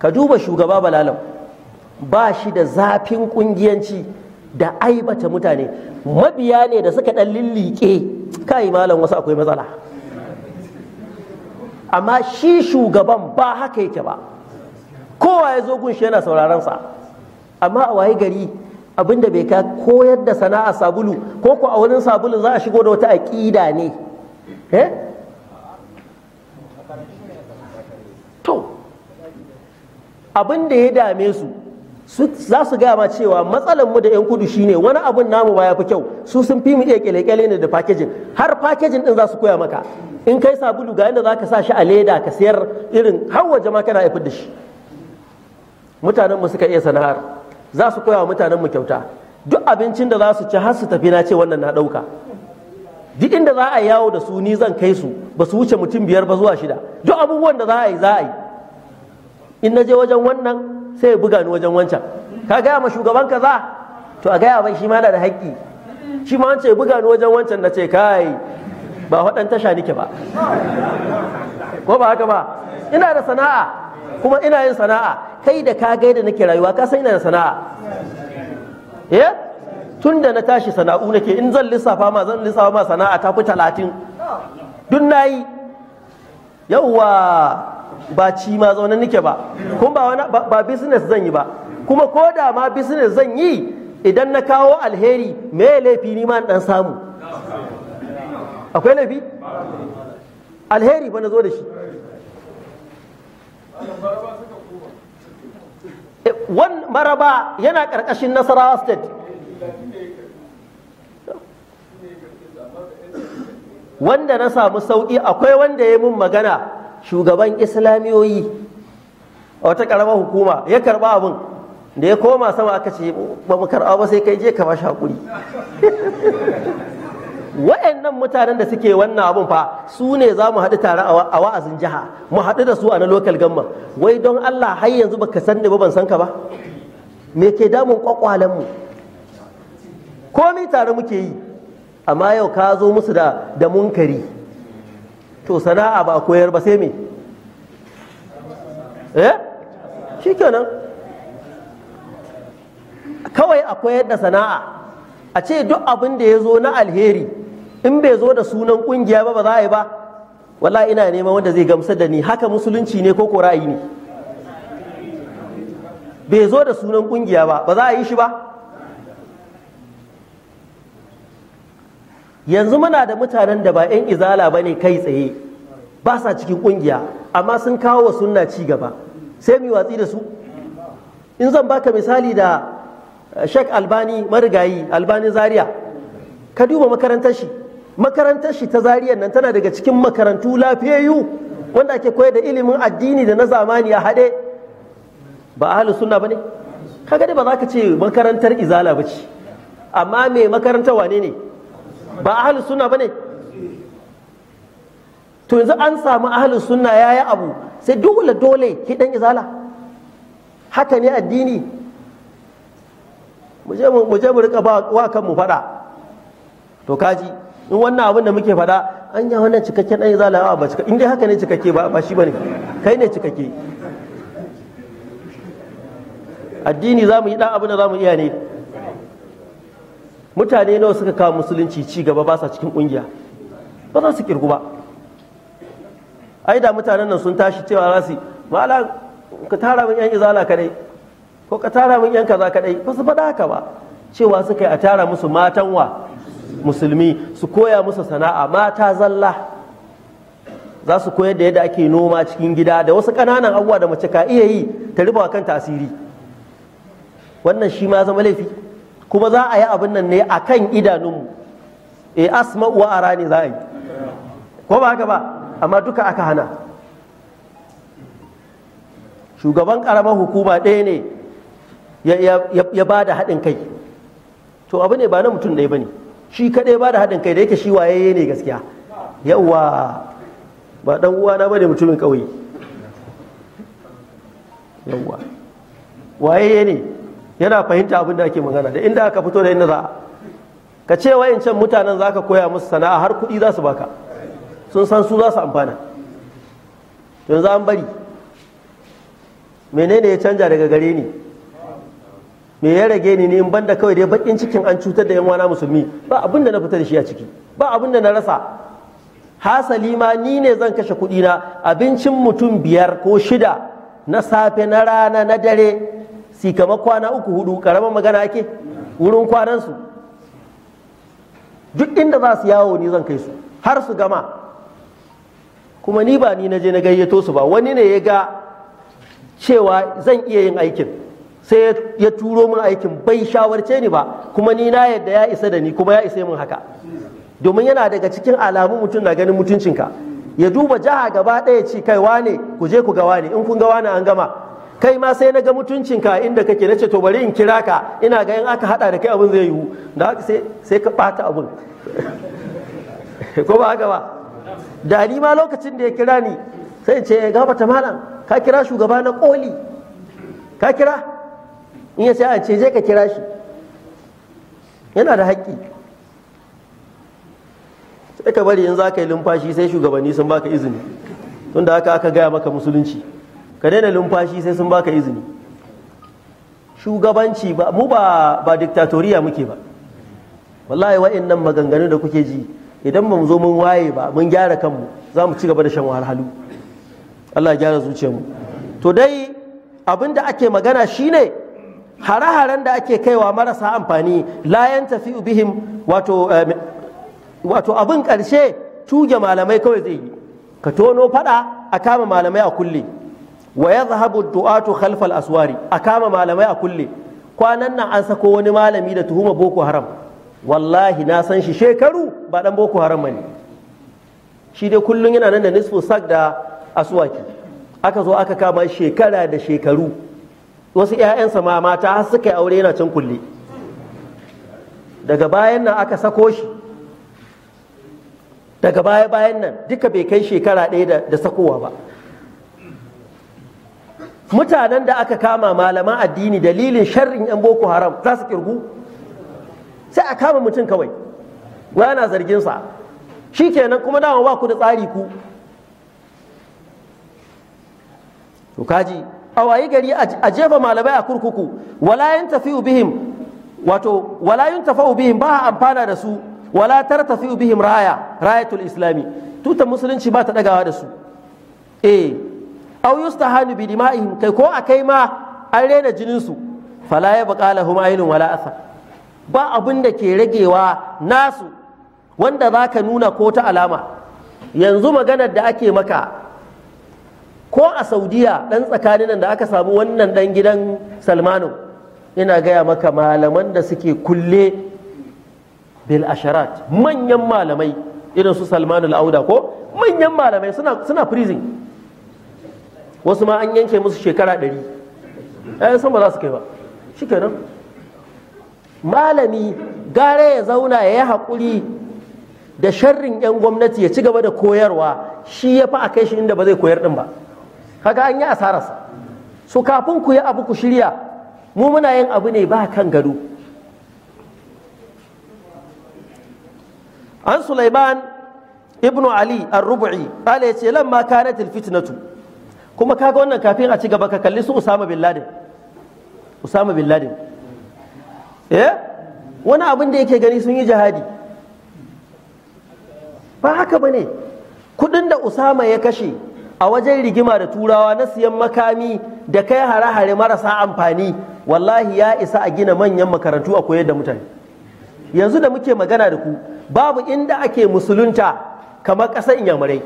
ka duba shugaba balalam ba shi da zafin kungiyanci da aibata mutane mabiya ne da suka ɗan lillike kai malam wasu akwai matsala amma shi shugaban ba haka yake ba kowa ya zo gunshi yana sauraron sa amma a waye gari abinda bai ka koyar da sana'a sabulu ko ko a wurin sabulu za a shigo da wata aƙida ne eh to abin da ya dame su za su gaya ma cewa matsalar mu da 'yan kudu shine wani abun namu ba ya fi kyau su sun fi mu iya kyale-kyale ne da packaging har fakejin din za su koya maka in kai sabulu ga yadda za ka sa shi a leda ka sayar irin har waje ma kana haifar da shi mutanen mu suka iya sana'ar za su koya wa mutanen mu kyauta duk abincin da za su ci har su tafi na ce wannan na ɗauka duk inda za a yawo da su ni zan kai su ba su wuce mutum biyar ba zuwa shida duk abubuwan da za a yi za a yi in na je wajen wannan sai ya buga ni wajen wancan ka gaya ma shugaban kaza to a gaya mai shi ma na da haƙƙi shi ma wancan ya buga ni wajen wancan na ce kai ba waɗan tasha nike ba ko ba haka ba ina da sana'a kuma ina yin sana'a kai da ka da nake rayuwa ka san ina da sana'a eh tun da na tashi sana'u nake in zan lissafa ma zan lissafa ma sana'a ta fi talatin duk na yi ba ci ma zaune nake ba kuma ba wani ba business zan yi ba kuma ko da ma business zan yi idan na kawo alheri me laifi ni ma dan samu akwai laifi alheri fa na zo da shi eh, wan maraba yana karkashin nasarawa state wanda na samu sauki akwai wanda ya yi mun magana shugaban islamiyoyi a wata karamar hukuma ya karba abin da ya koma sama aka ce ba mu karba ba sai kai je ka bashi hakuri wa'annan mutanen da suke wannan abun fa su ne za mu haɗu tare a wa'azin jiha mu haɗu da su a na lokal gamma wai don Allah har yanzu baka san da ba ban san ka ba me ke damun kwakwalen mu komai tare muke yi amma yau ka zo musu da munkari to sana'a ba a koyar ba sai me eh shikenan kawai a koyar sana'a a ce duk abin da ya zo na alheri in bai zo da sunan kungiya ba ba za a yi ba wala ina neman wanda zai gamsar da ni haka musulunci ne ko ko ra'ayi ne bai zo da sunan kungiya ba ba za a yi shi ba yanzu muna da mutanen da ba 'yan izala ba ne kai tsaye ba sa cikin ƙungiya amma sun kawo wa sunna ci gaba sai mu watsi da su in zan baka misali da eh, shek albani marigayi albani zaria ka duba makarantar shi makarantar shi ta Zariya nan tana daga cikin makarantu lafiyayyu wanda ake koyar da ilimin addini da na zamani a haɗe ba halin sunna ba ne kaga dai ba za ka ce makarantar izala ba ce amma mai makarantar wane ne ba ahalus sunna bane to yanzu an samu ahalus sunna yayi abu sai dole dole ki dan izala haka ne addini mu je mu je mu rika ba wa mu fada to kaji in wannan abin da muke fada an yi wannan cikakken dan izala ba cika in dai haka ne cikakke ba ba shi bane kai ne cikakke addini za mu yi dan abin da za mu iya ne mutane nawa suka kawo musulunci ci gaba ba sa cikin kungiya ba za su kirgu ba ai da mutanen nan sun tashi cewa za su mala ka tara min yan izala kadai ko ka tara min yan kaza kadai ba su faɗa haka ba cewa suka yi a tara musu matan wa musulmi su koya musu sana'a mata zalla za su koyar da yadda ake noma cikin gida da wasu ƙananan abubuwa da mace ka iya yi ta riba kan tasiri wannan shi ma zama laifi kuma za a yi abin nan ne a kan idanunmu e asma wa ara ne za a yi ko ba haka ba amma duka aka hana shugaban karamar hukuma ɗaya ne ya ba da haɗin kai to abu ne ba na mutum ɗaya ba ne shi kaɗai ba da haɗin kai da yake shi waye ne gaskiya Yauwa, ba ɗan uwana ba ne mutumin ƙauye Yauwa, waye ne yana fahimta abin da ake magana da inda aka fito da inda za ka ce wayancan mutanen za ka koya musu sana'a har kuɗi za su baka sun san su za su amfana yanzu an bari menene ya canja daga gare ni me ya rage ni ne in banda kawai dai bakin cikin an cutar da yan musulmi ba abin da na fita da shi a ciki ba abin da na rasa hasali ma ni ne zan kashe kuɗi na abincin mutum biyar ko shida na safe na rana na dare si kama kwana uku hudu karamar magana ake wurin kwanansu duk inda za su yawo ni zan kai su har su gama kuma ni ba ni na je na gayyato su ba wani ne ya ga cewa zan iya yin aikin sai ya turo min aikin bai shawarce ni ba kuma ni na yadda ya isa da ni kuma ya isa min haka domin yana daga cikin alamu mutum na ganin mutuncinka ya duba jiha gaba ɗaya ci kai wane ku je ku ga wane in kun ga wane an gama kai ma sai na ga mutuncinka inda kake na ce to bari in kira ka ina ga in aka hada da kai abin zai yiwu da haka sai ka bata abin ko ba haka ba da ni ma lokacin da ya kira ni sai ce ya eh, gabata malam ka kira shugaba na koli ka kira in ya ce an ce je ka kira shi yana da haƙƙi sai ka bari in za ka yi lumfashi sai shugabanni sun baka izini tunda haka aka gaya maka musulunci ka daina lumfashi sai sun baka izini shugabanci ba mu ba ba diktatoriya muke ba wallahi nan maganganu da kuke ji idan ba mu zo mun waye ba mun gyara kanmu za mu ci gaba da shan wahalhalu Allah ya gyara zuciyarmu to dai abin da ake magana shine hare-haren da ake kaiwa marasa amfani layan tafi bihim wato eh, abin karshe tuge malamai kawai zai yi ka tono fada a kama malamai a kulle wa yadhhabu du'atu khalf al-aswari a kama malamai a kulle kwanan nan an sako wani malami da tuhuma boko haram wallahi na san shi shekaru ba dan boko haram bane shi dai kullum yana nan da nisfu sak da aswaki aka zo aka kama shekara da shekaru wasu 'ya'yansa ma mata har suka yi aure yana can kulle daga bayan nan aka sako shi daga baya bayan nan duka bai kai shekara ɗaya da sakowa ba mutanen da aka kama malaman addini dalilin sharrin 'yan boko haram za su kirgu sai a kama mutum kawai ana zarginsa shi kenan kuma dama ba ku da tsari ku to kaji a wayi gari a jefa malamai a kurkuku wala yin bihim wato wala yin bihim ba amfana da su wala tartafi'u bihim raya rayatul islami tuta musulunci ba ta dagawa da su eh aw yustahanu bi dima'ihim kai ko akai ma an rena jinin su fala ya baqa huma ainun wala asa ba abin da ke ragewa nasu wanda zaka nuna ko ta alama yanzu maganar da ake maka ko a saudiya dan tsakanin nan da aka samu wannan dan gidan salmanu ina gaya maka malaman da suke kulle bil asharat manyan malamai irin su salmanul auda ko manyan malamai suna prison wasu ma an yanke musu shekara ɗari ai eh, san ba za su kai ba shi nan. malami gare ya zauna ya yi haƙuri da sharrin 'yan gwamnati ya ci gaba da koyarwa shi ya fi a kai shi inda ba zai koyar ɗin ba kaga an yi asararsa su kafin ku yi abu ku shirya mu muna yin abu ne ba kan gado an sulaiman ibnu ali ar-rubu'i qala ce lamma kanatil fitnatu kuma kaga wannan kafin a ci gaba ka kalli su Usama bin Laden Usama bin Laden eh wani abin da yake gani sun yi jihadi ba haka bane kudin da Usama ya kashe a wajen rigima da turawa na siyan makami da kai hare-hare marasa amfani wallahi ya isa a gina manyan makarantu a koyar da mutane yanzu da muke magana da ku babu inda ake musulunta kamar ƙasar inyamurai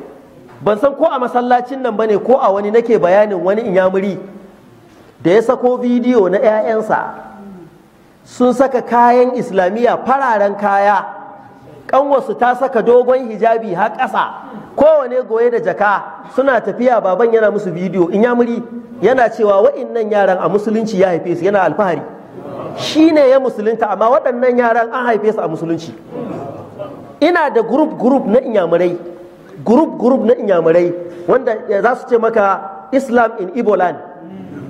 ban san ko a masallacin nan bane ko a wani nake bayanin wani inyamuri da ya sako bidiyo na 'ya'yansa sun saka kayan islamiyya fararen kaya ƙanwarsu ta saka dogon hijabi har ƙasa kowane goye da jaka suna tafiya baban yana musu bidiyo inyamuri yana cewa wa'innan yaran a musulunci ya haife su yana alfahari shi ne ya musulunta amma waɗannan yaran an haife su a musulunci ina da grup-grup na inyamurai group group na inyamurai wanda za su ce maka islam in iboland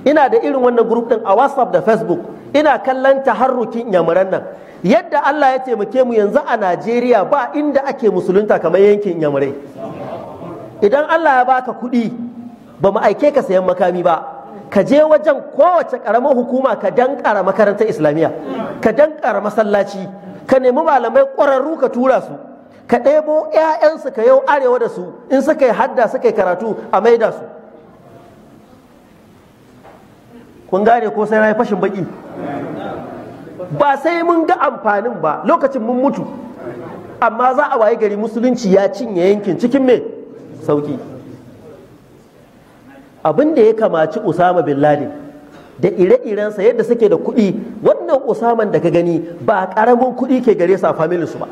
ina da irin wannan group din a whatsapp da facebook ina kallon taharrukin inyamuran nan yadda allah ya taimake mu yanzu a najeriya ba inda ake musulunta kamar yankin inyamurai idan allah ya baka kuɗi ba mu aike ka sayan makami ba ka je wajen kowace karamar hukuma ka dankara makarantar islamiyya ka dankara masallaci ka nemi malamai ƙwararru ka tura su ka ɗebo 'ya'yansu ka yau arewa da su in suka yi hadda suka yi karatu a maida su kun gane ko sai na fashin baki ba sai mun ga amfanin ba lokacin mun mutu amma za a waye gari musulunci ya cinye yankin cikin me sauki abin da ya kamaci usama bin laden da ire-irensa yadda suke da kuɗi wannan usaman da ka gani ba ƙaramin kuɗi ke gare sa familinsu ba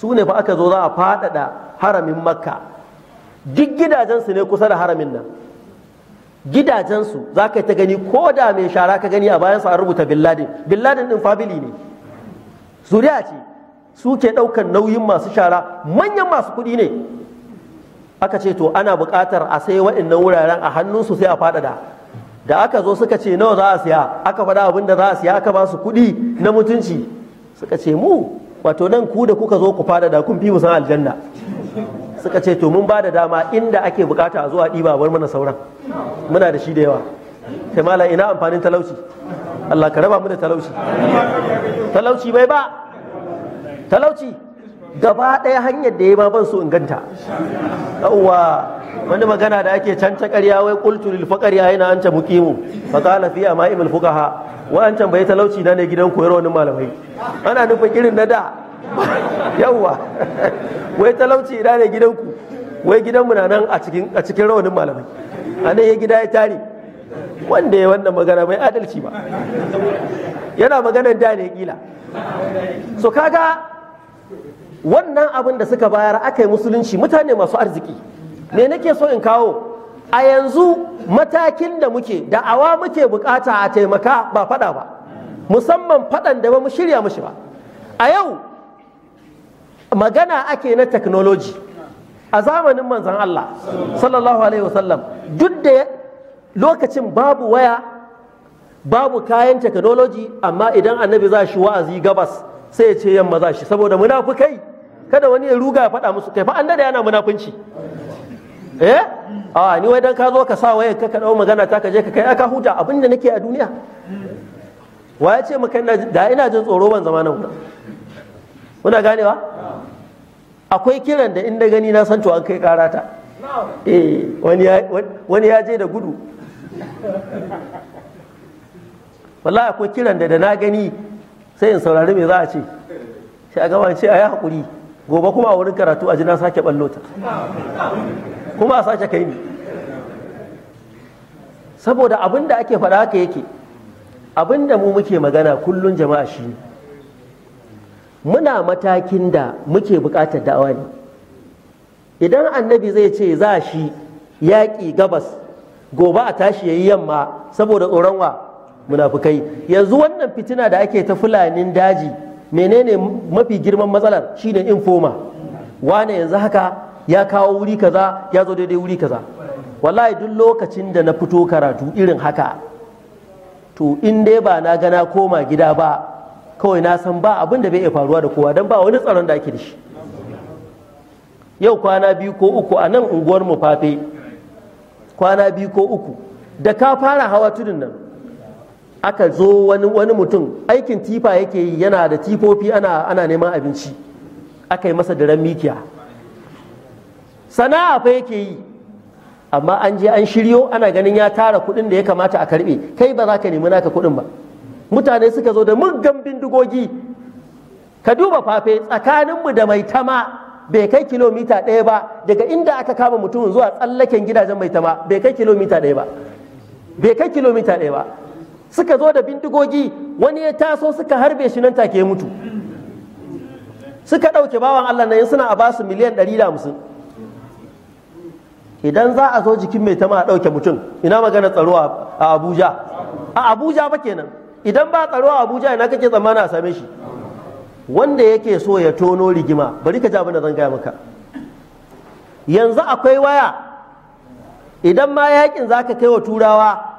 su ne fa aka zo za a faɗaɗa haramin makka duk gidajensu ne kusa da haramin nan gidajensu za ka ta gani ko da mai shara ka gani a bayan an rubuta billadin billadin ɗin fabili ne zuriya ce su ke ɗaukar nauyin masu shara manyan masu kuɗi ne aka ce to ana buƙatar a sai waɗannan wuraren a hannunsu sai a faɗaɗa da aka zo suka ce nawa za a siya aka faɗa abin da za a siya aka ba su kuɗi na mutunci suka ce mu wato nan ku da kuka zo ku fada da kun fi musan aljanna suka ce to mun ba da dama inda ake bukata a zuwa ɗiba bar mana sauran muna da shi da yawa sai mala ina amfanin talauci Allah ka raba mu da talauci talauci bai ba talauci gaba ɗaya hanyar da ya ma ban so in ganta yawwa wani magana da ake can ta ƙarya wai qultu lil an can anta muqimu fa qala fi ama'im al fuqaha wa an bai talauci na ne gidan koyar wani malamai ana nufin irin na da yawwa wai talauci ina ne ku. wai gidan na nan a cikin a cikin rawanin malamai a nan ya gida ya tare wanda ya wannan magana bai adalci ba yana maganar da ne kila so kaga wannan abin da suka bayar aka yi musulunci mutane masu arziki me nake so in kawo a yanzu matakin da muke da awa muke bukata a taimaka ba fada ba musamman fadan da ba mu shirya mushi ba a yau magana ake na technology a zamanin manzan Allah sallallahu alaihi wasallam duk da lokacin babu waya babu kayan technology amma idan annabi za shi wa'azi gabas sai ya ce yamma za shi saboda munafukai kada wani ya ruga ya faɗa musu kai fa an dade yana munafunci eh a ni wai dan ka zo ka sa wayar ka ka dau magana ta ka je ka kai aka huta abinda nake a duniya wa ya ce maka da ina jin tsoro ban zama nan kuna gane ganewa akwai kiran da inda gani na san to an kai karata eh wani ya je da gudu wallahi akwai kiran da da na gani sai in saurari me za a ce Shi a gaban ce a yi haƙuri gobe kuma a wurin karatu a jina sake ballo ta kuma a sake kai ni saboda abin da ake faɗa haka yake abin da mu muke magana kullum jama'a shi muna matakin da muke buƙatar da'awa ne idan annabi zai ce za shi yaƙi gabas gobe a tashi ya yi yamma saboda tsoron wa munafukai yanzu wannan fitina da ake ta fulanin daji menene mafi girman matsalar shine infoma wane yanzu haka ya kawo wuri kaza ya zo daidai wuri kaza wallahi duk lokacin da na fito karatu irin haka to in dai ba na gana koma gida ba kawai na san ba abin da bai iya faruwa da kowa don ba wani tsaron da ake da shi yau kwana biyu ko uku a nan unguwar mu fafe kwana biyu ko uku da ka fara hawa tudun nan aka zo wani mutum aikin tifa yake yi yana da tifofi ana neman abinci aka yi masa diran mikiya sana'a fa yake yi amma an je an shiryo ana ganin ya tara kuɗin da ya kamata a karɓe kai ba za ka nemi naka kuɗin ba mutane suka zo da muggan bindigogi ka duba fafe tsakaninmu da mai tama bai kai kilomita ɗaya ba daga inda aka kama mutumin zuwa tsallaken gidajen mai tama bai kai kilomita ɗaya ba bai kai kilomita ɗaya ba suka zo da bindigogi wani ya taso suka harbe shi nan take mutu suka ɗauke bawan Allah nan suna a basu miliyan ɗari da hamsin idan za a zo jikin mai tama a ɗauke mutum ina magana tsaro a Abuja a Abuja ba kenan idan ba tsaro a Abuja ina kake tsammana a same shi wanda yake so ya tono rigima bari ka ji abin da zan gaya maka yanzu akwai waya idan ma yakin za ka kai wa turawa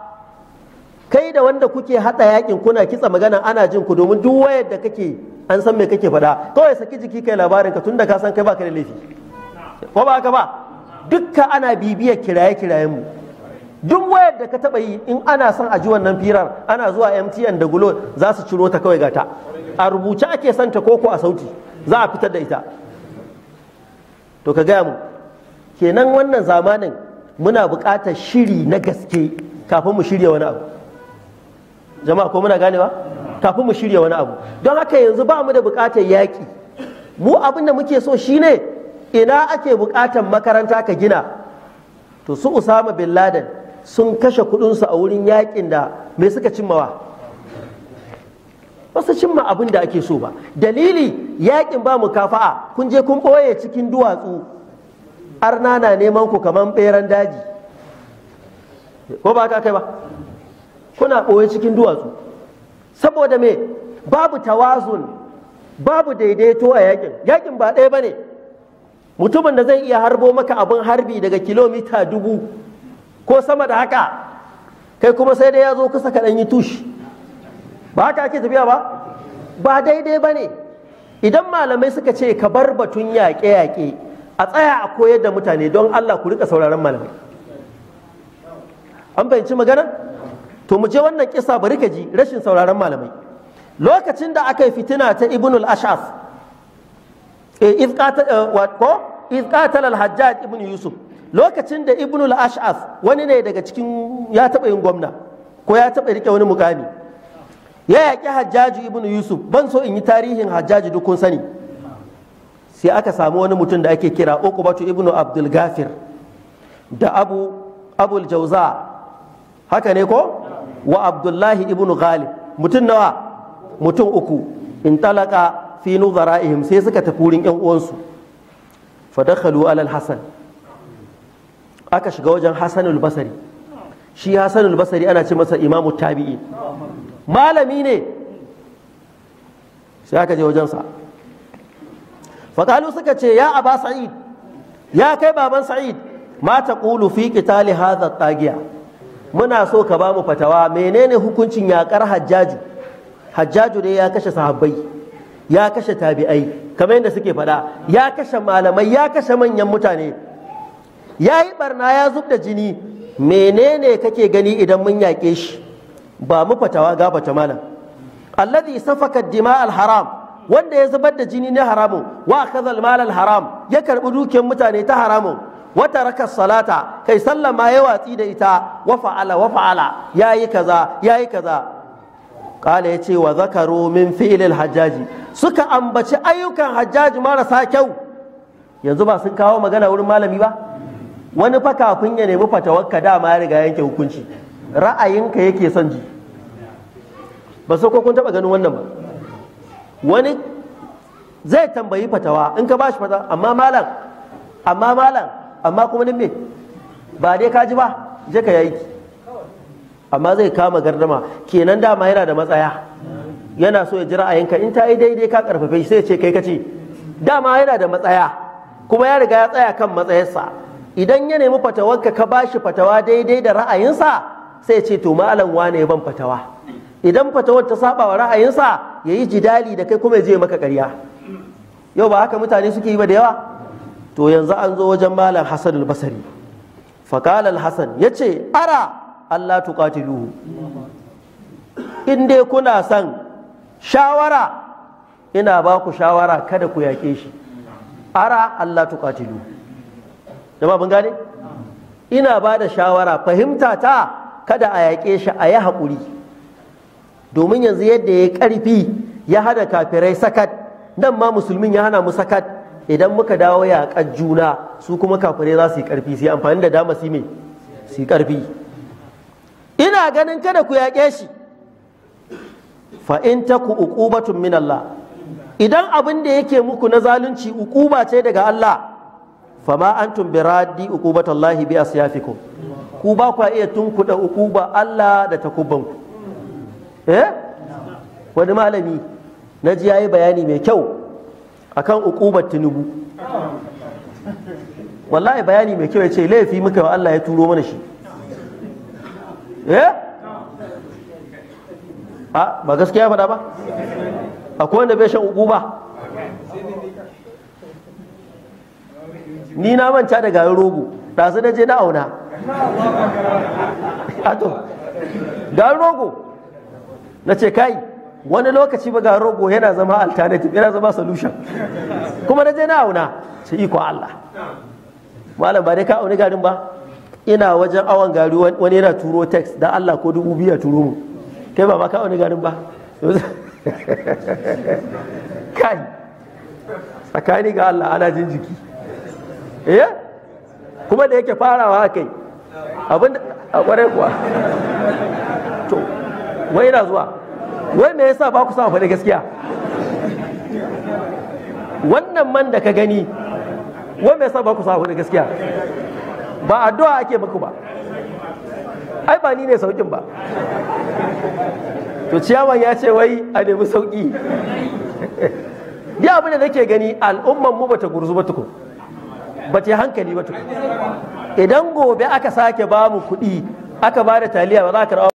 kai da wanda kuke hada yakin kuna kitsa magana ana jin ku domin duk wayar da kake an san me kake faɗa kawai saki jiki kai labarin ka tunda ka san kai baka da laifi ko ba ka ba dukka ana bibiya kiraye kirayen mu duk wayar da ka taba yi in ana son a ji wannan firar ana zuwa MTN da Glo za su ciro ta kawai gata a rubuce ake son ta koko a sauti za a fitar da ita to ka gaya mu kenan wannan zamanin muna buƙatar shiri na gaske kafin mu shirya wani abu jama'a ko muna ganewa kafin mu shirya wani abu don haka yanzu ba mu da bukatar yaƙi mu abin da muke so shine ina ake bukatar makaranta ka gina to su usama bin laden sun kashe kuɗinsu a wurin yaƙin da me suka cimmawa ba su cimma abin da ake so ba dalili yaƙin ba kafa'a kun je kun ɓoye cikin duwatsu arna na neman ku kamar ɓeran daji ko ba ka kai ba kuna ɓoye cikin duwatsu saboda me babu tawazun babu daidaito a yakin yakin ba ɗaya ba ne mutumin da zai iya harbo maka abin harbi daga kilomita dubu ko sama da haka kai kuma sai dai ya zo kusa kaɗan yi tushi ba haka ake tafiya ba ba daidai ba ne idan malamai suka ce ka bar batun yaƙe-yaƙe a tsaya a koyar da mutane don allah ku rika sauraron malamai an fahimci magana to mu je wannan kisa bari ka ji rashin sauraron malamai lokacin da aka yi fitina ta ibnul ash'af eh, iz eh, qatal al hajjaj ibn yusuf lokacin da ibnul ash'af wani ne daga cikin ya taɓa yin gwamna ko ya taba rike wani mukami ya yaki hajjaju ibn yusuf ban so in yi tarihin Hajjaji duk kun sani sai aka samu wani mutum da ake kira uqbatu ibn abdul ghafir da abu abul jauza haka ne ko wa abdullahi ibn ghalib mutum nawa mutum uku in talaka fi nuzara'ihim sai suka tafi wurin yan uwansu fa dakhalu ala al-hasan aka shiga wajen hasan al-basri shi hasan al-basri ana ce masa imamu tabi'i malami ne sai aka je fa kalu suka ce ya aba sa'id ya kai baban sa'id ma taqulu fi qitali hadha tagiya muna so ka ba mu fatawa menene hukuncin yakar hajjaju hajjaju ne ya kashe sahabbai ya kashe tabi'ai kamar yadda suke faɗa ya kashe malamai ya kashe manyan mutane ya yi barna ya zub da jini menene kake gani idan mun yake shi ba mu fatawa ga fata malam alladhi safaka dima al-haram wanda ya zubar da jini na haramu, wa akhadha al-mal al-haram ya karbi dukiyar mutane ta haramu. wata raka salata kai sallama ma ya watsi da ita wa fa'ala wa fa'ala yayi kaza yayi kaza kala yace wa zakaru min fi'lil hajjaji suka ambaci ayyukan hajjaji marasa kyau yanzu ba sun kawo magana wurin malami ba wani fa kafin ya nemi fatawakka dama ya riga yanke hukunci ra'ayinka yake son ji ba so ko kun taba ganin wannan ba wani zai tambayi fatawa in ka bashi fatawa amma malam amma malam amma kuma nan me ba dai ka ji ba je ka yi amma zai kama gardama kenan dama yana da matsaya yana so ya ji ra'ayinka in ta yi daidai ka karfafe shi sai ce kai kace dama yana da matsaya kuma ya riga ya tsaya kan matsayarsa idan ya nemi fatawarka ka bashi fatawa daidai da ra'ayinsa sai ce to malam wane ban fatawa idan fatawar ta saba wa ra'ayinsa yi jidali da kai kuma ya je maka ƙarya yau ba haka mutane suke yi ba da yawa to yanzu an zo wajen malam hasan al-Basri faqala al-Hasan yace ara Allah tuqatiluhu in dai kuna son shawara ina ba ku shawara kada ku yaƙe shi ara Allah tuqatilu jama mun gane ina ba da shawara fahimta ta kada a yaƙe shi a yi haƙuri domin yanzu yadda ya ƙarfi ya hada kafirai sakat nan ma musulmin ya hana mu sakat idan muka dawo yaƙar juna su kuma kafirai za su yi karfi su yi amfani da dama su yi su yi ƙarfi ina ganin kada ku yaƙe shi fa in ku uqubatun min Allah idan abin da yake muku na zalunci uquba ce daga Allah fa fama antum biraddi Allah bi asyafikum ku ba ku iya tunkuda uquba Allah da takubbanku eh wani malami na ji yayi bayani mai kyau akan ukubar tinubu wallahi bayani mai kyau ya ce laifi muka wa Allah ya turo mana shi eh a ah, ba gaskiya faɗa ba akwai wanda bai shan ukuba ni na manta da garin rogo ɗazu na je na auna ato garin rogo na ce kai wani lokaci ba ga rogo yana zama alternative yana zama solution kuma na je na auna sai iko Allah malam ba dai ka auni garin ba ina wajen awon gari wani yana turo text da Allah ko dubu biya turo mu kai ba ma ka auni garin ba kai tsakani ga Allah ana jin jiki eh kuma da yake farawa kai abin a kwarai kuwa to wai na zuwa wai me yasa ba ku samu faɗi gaskiya wannan man da ka gani wai me yasa ba ku samu faɗi gaskiya ba addu'a ake muku ba ai ba ni ne saukin ba to ciyawan ya ce wai a nemi sauki duk abin da nake gani al'umman mu bata gurzu ba tukun bata hankali ba tuku. idan gobe aka sake ba mu kuɗi aka ba da taliya ba za ka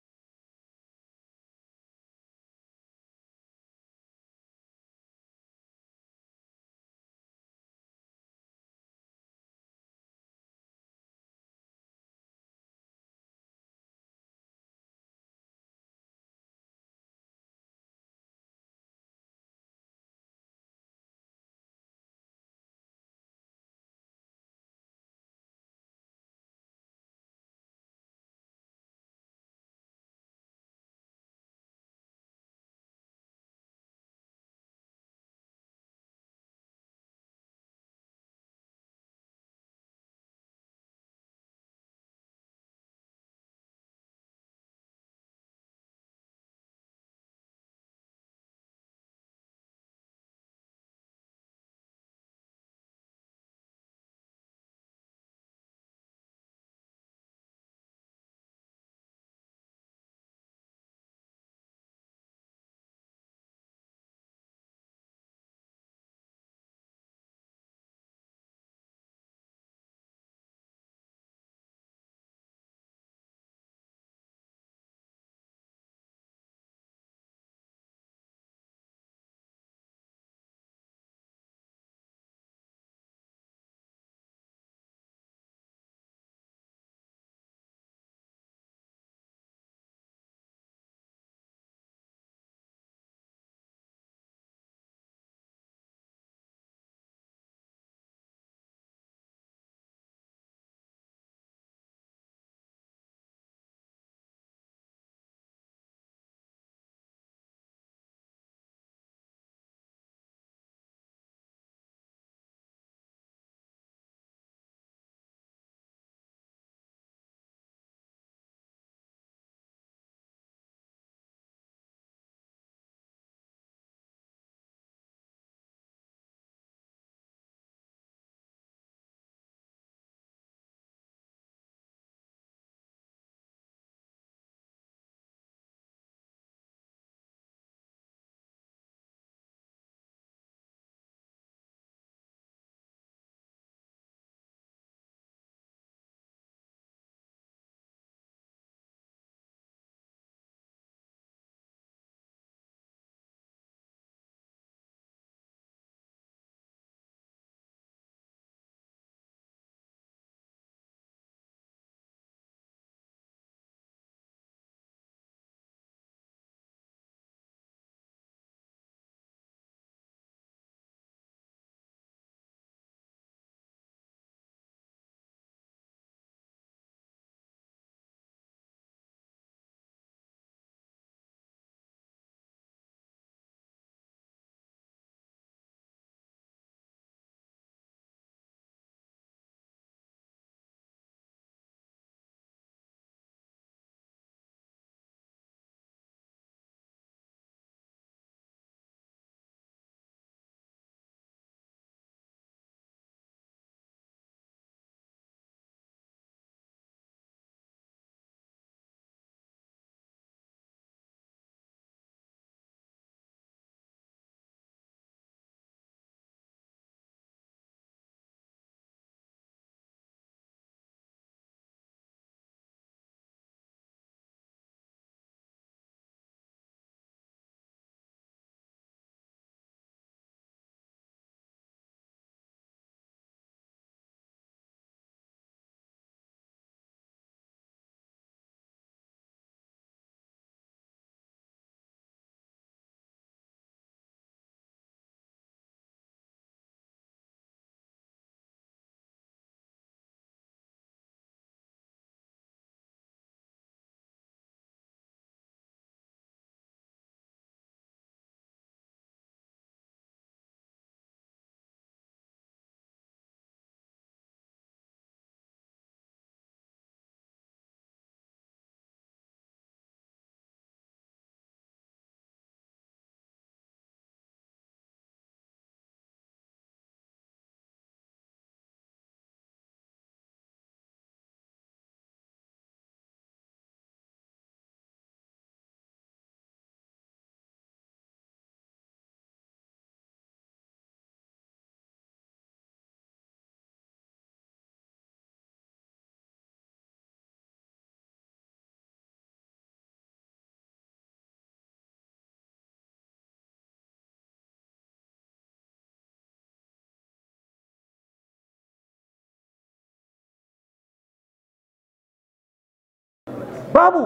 babu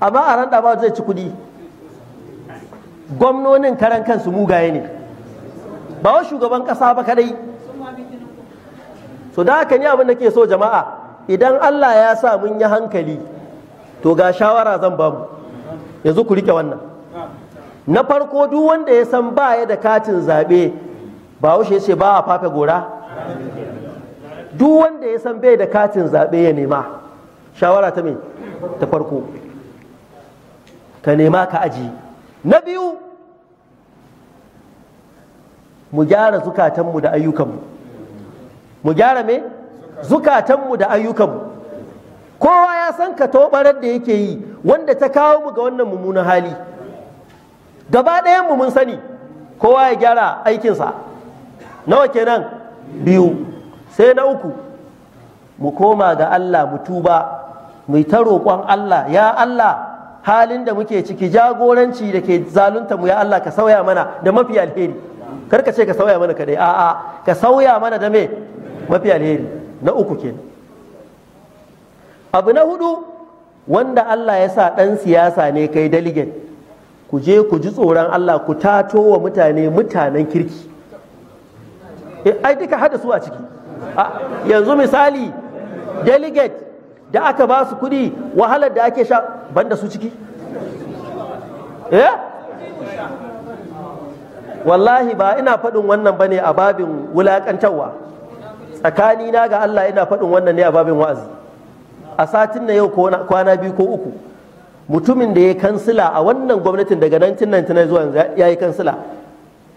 amma a ran ba zai ci kuɗi gwamnonin karan kansu mugaye ne ba wa shugaban ƙasa ba kadai so da haka ne abin da ke so jama'a idan Allah ya sa mun yi hankali to ga shawara zan bamu yanzu ku rike wannan na farko duk wanda ya san ba ya da katin zaɓe ba ya ce ba a fafe gora duk wanda ya san bai da katin zaɓe ya nema shawara ta mai ta farko ka nema ka aji na biyu mu gyara zukatanmu da ayyukanmu mu gyara me zukatanmu da ayyukanmu kowa ya san ka tobarar da yake yi wanda ta kawo mu ga wannan mummunan hali gaba mu mun sani kowa ya gyara aikinsa nawa kenan biyu sai na uku mu koma ga Allah mu tuba mai ta roƙon Allah ya Allah halin da muke ciki jagoranci da ke zalunta mu ya Allah ka sauya mana da mafi alheri karka ce ka sauya mana kadai a'a ka sauya mana da me mafi alheri na uku kenan abu na hudu wanda Allah ya sa ɗan siyasa ne kai daligen ku je ku ji tsoron Allah ku tato wa mutane mutanen kirki eh, ai duka hada su a ciki yanzu misali delegate da aka ba su kuɗi wahalar da ake sha banda su ciki Eh? wallahi ba ina faɗin wannan bane a babin wulakantawa tsakani na ga Allah ina faɗin wannan ne a babin wa'azi a satin na yau kwana biyu ko uku mutumin da ya kansila a wannan gwamnatin daga 1999 zuwa ya yi kansila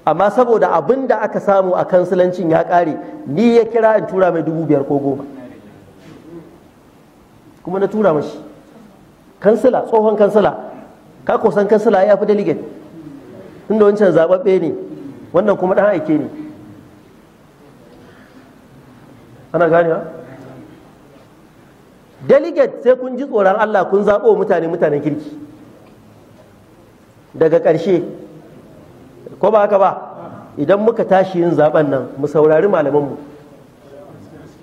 amma saboda abin da aka samu a kansilancin ya ƙare ni ya kira in tura mai dubu biyar ko goma kuma na tura mashi kansila tsohon kansila ka kusan kansila ya fi delegate inda wancan zababbe ne wannan kuma ɗan aike ne ana gane ha delegate sai kun ji tsoron Allah kun zaɓo mutane mutanen kirki daga ƙarshe ko ba haka ba idan muka tashi yin zaɓen nan mu saurari malamanmu mu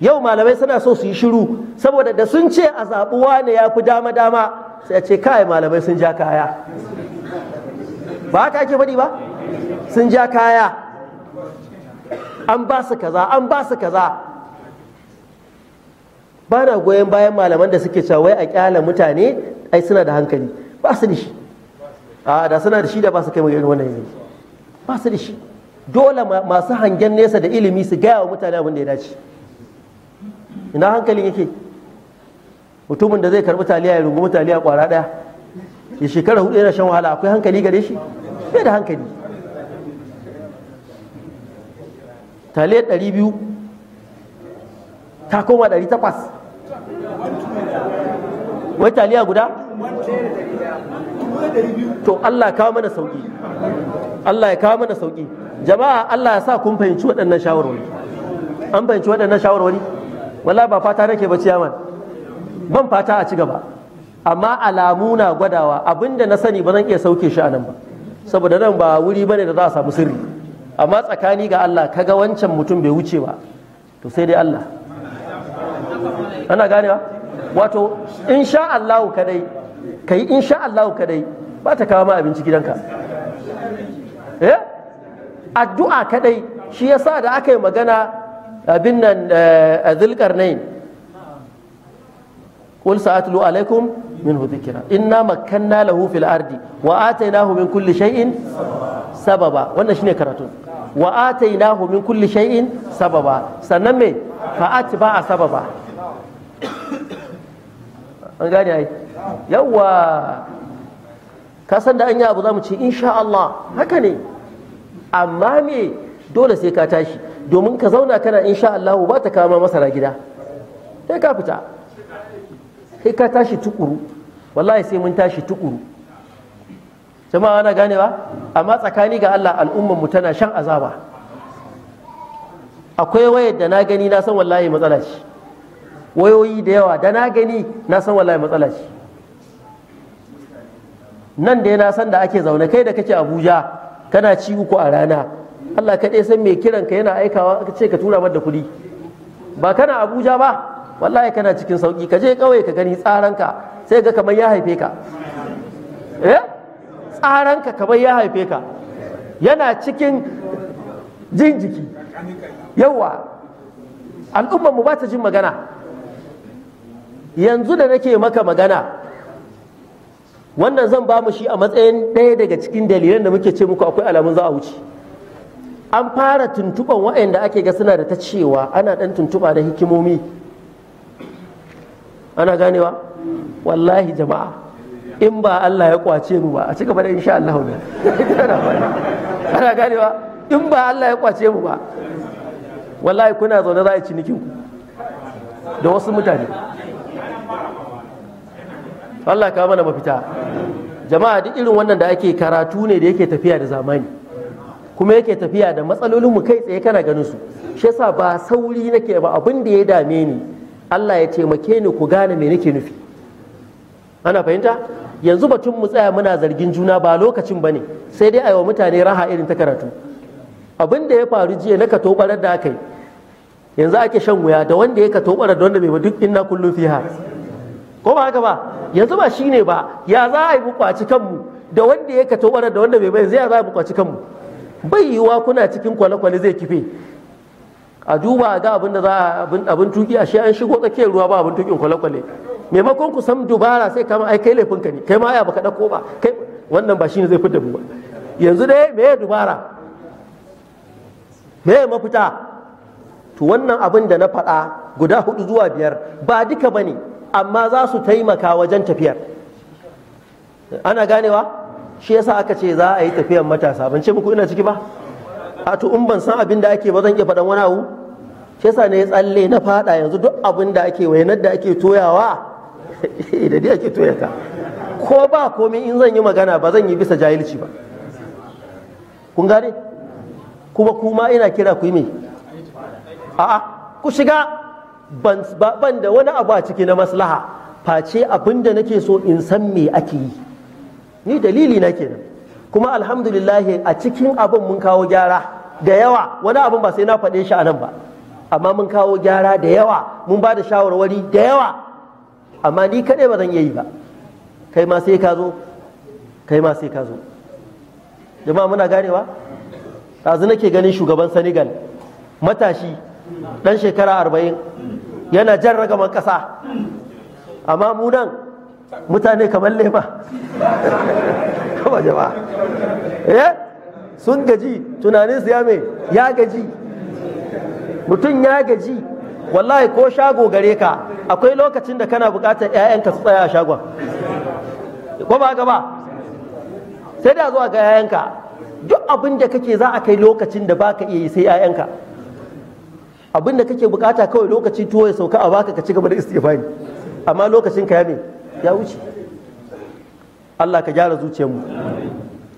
yau malamai suna so su yi shiru saboda da sun ce a zaɓuwa ne ya fi dama dama sai a ce kai malamai sun ja kaya ba haka ake faɗi ba sun ja kaya an ba su kaza an ba su kaza ba na goyon bayan malaman da suke cewa wai a kyala mutane ai suna da hankali ba su da shi a da suna da shi da ba su kai irin wannan yanzu ba su da shi dole masu hangen nesa da ilimi su gaya wa mutane abin da ya dace ina hankalin yake mutumin da zai karbi taliya ya rungu taliya kwara daya ya shekara hudu yana shan wahala akwai hankali gare shi bai da hankali taliya ɗari biyu ta koma ɗari takwas wai taliya guda to Allah kawo mana sauki Allah ya kawo mana sauki jama'a Allah ya sa kun fahimci waɗannan shawarwari an fahimci waɗannan shawarwari wala ba fata nake ba ciyaman ban fata a ci gaba amma alamu na gwadawa abinda na sani ba zan iya sauke shi a nan ba saboda nan ba wuri bane da za a samu sirri amma tsakani ga Allah kaga wancan mutum bai wuce ba to sai dai Allah ana ganewa wato insha Allahu kadai kai insha Allahu kadai ba ta kawo ma abinci gidanka eh addu'a kadai shi yasa da aka yi magana abin nan a zulkarnain qul sa'atlu alaikum min In dhikra inna makkanna lahu fil ardi wa atainahu min kulli shay'in sababa wannan shi ne karatun wa atainahu min kulli shay'in sababa sannan me ba a sababa an gane ai yawa ka san da an yi abu za mu ce insha Allah haka ne amma me dole sai ka tashi domin ka zauna kana insha Allah ba ta kama masara gida sai ka fita sai ka tashi tukuru wallahi sai mun tashi tukuru jama'a na ba? amma tsakani ga Allah al'ummar mu tana shan azaba akwai wayar da na gani na san wallahi matsala ce wayoyi da yawa da na gani na san wallahi matsala ce nan da na san da ake zaune kai da kake Abuja kana ci uku a rana Allah kaɗai san mai kiran ka yana aikawa aka ce ka tura mada kuɗi ba kana Abuja ba wallahi kana cikin sauki ka je kawai ka gani tsaranka sai ga kamar ya haife ka eh tsaranka kamar ya haife ka yana cikin jin jiki yawa al'ummar mu ba ta jin magana yanzu da nake maka magana wannan zan ba mu shi a matsayin ɗaya daga cikin dalilan da muke ce muku akwai alamun za a wuce an fara tuntuban waɗanda ake ga suna da ta cewa ana ɗan tuntuba da hikimomi ana ganewa wallahi jama'a in ba Allah ya kwace mu ba a cika gaba da insha Allah ne ana ganewa in ba Allah ya kwace mu ba wallahi kuna zaune za a ci nikin ku da wasu mutane Allah ka mana mafita jama'a duk irin wannan da ake karatu ne da yake tafiya da zamani kuma yake tafiya da matsalolin mu kai tsaye kana ganin su shi yasa ba sauri nake ba abin da ya dame ni Allah ya taimake ni ku gane me nake nufi ana fahimta yanzu batun mu tsaya muna zargin juna ba lokacin bane sai dai ayi wa mutane raha irin ta karatu abin da ya faru jiya na ka barar da kai yanzu ake shan wuya da wanda ya ka da wanda bai duk inna kullun fiha ko ba haka ba yanzu ba shine ba ya za a yi bukwaci kanmu da wanda ya ka da wanda bai bai yanzu ya za a yi bukwaci kanmu baiwa kuna cikin kwale-kwale zai kife a duba ga abin da za a abin tuki a shi an shigo tsakiyar ruwa ba abin tukin kwale-kwale maimakon ku san dubara sai kama ai kai laifinka ne kai ma ya baka dako ba kai wannan ba shine zai fitar mu ba yanzu dai me ya dubara me ya mafita to wannan abin da na faɗa guda hudu zuwa biyar ba duka bane amma za su taimaka wajen tafiyar ana ganewa shi yasa aka ce za a yi tafiyan matasa ban ce muku ina ciki ba a to in ban san abin da ake ba zan iya faɗan wani abu shi yasa ne tsalle na faɗa yanzu duk abin da ake yanar da ake toyawa da dai ake toyata ko ba komai in zan yi magana ba zan yi bisa jahilci ba kun gane kuma kuma ina kira ku yi mai a'a ku shiga ban da wani abu a ciki na maslaha face abin da nake so in san me ake yi ni dalili na kenan kuma alhamdulillah a cikin abin mun kawo gyara da yawa wani abin ba sai na faɗe shi a nan ba amma mun kawo gyara da yawa mun ba da shawarwari da yawa amma ni kaɗai ba zan iya yi ba kai ma sai ka zo kai ma sai ka zo jama'a muna ganewa yanzu nake ganin shugaban senegal matashi ɗan shekara arba'in yana jan ragaman ƙasa amma mu nan mutane kamar lema kama jama'a eh sun gaji tunaninsu ya mai ya gaji mutum ya gaji wallahi ko shago gare ka akwai lokacin da kana bukatar 'ya'yanka su tsaya a shagon ko ba gaba sai da zuwa ga 'ya'yanka duk abin da kake za a kai lokacin da baka iya yi sai 'ya'yanka abin da kake bukata kawai lokaci tuwo ya sauka a baka ka ci gaba da istifani. amma lokacin ka ya ne. ya wuce Allah ka gyara zuciyar mu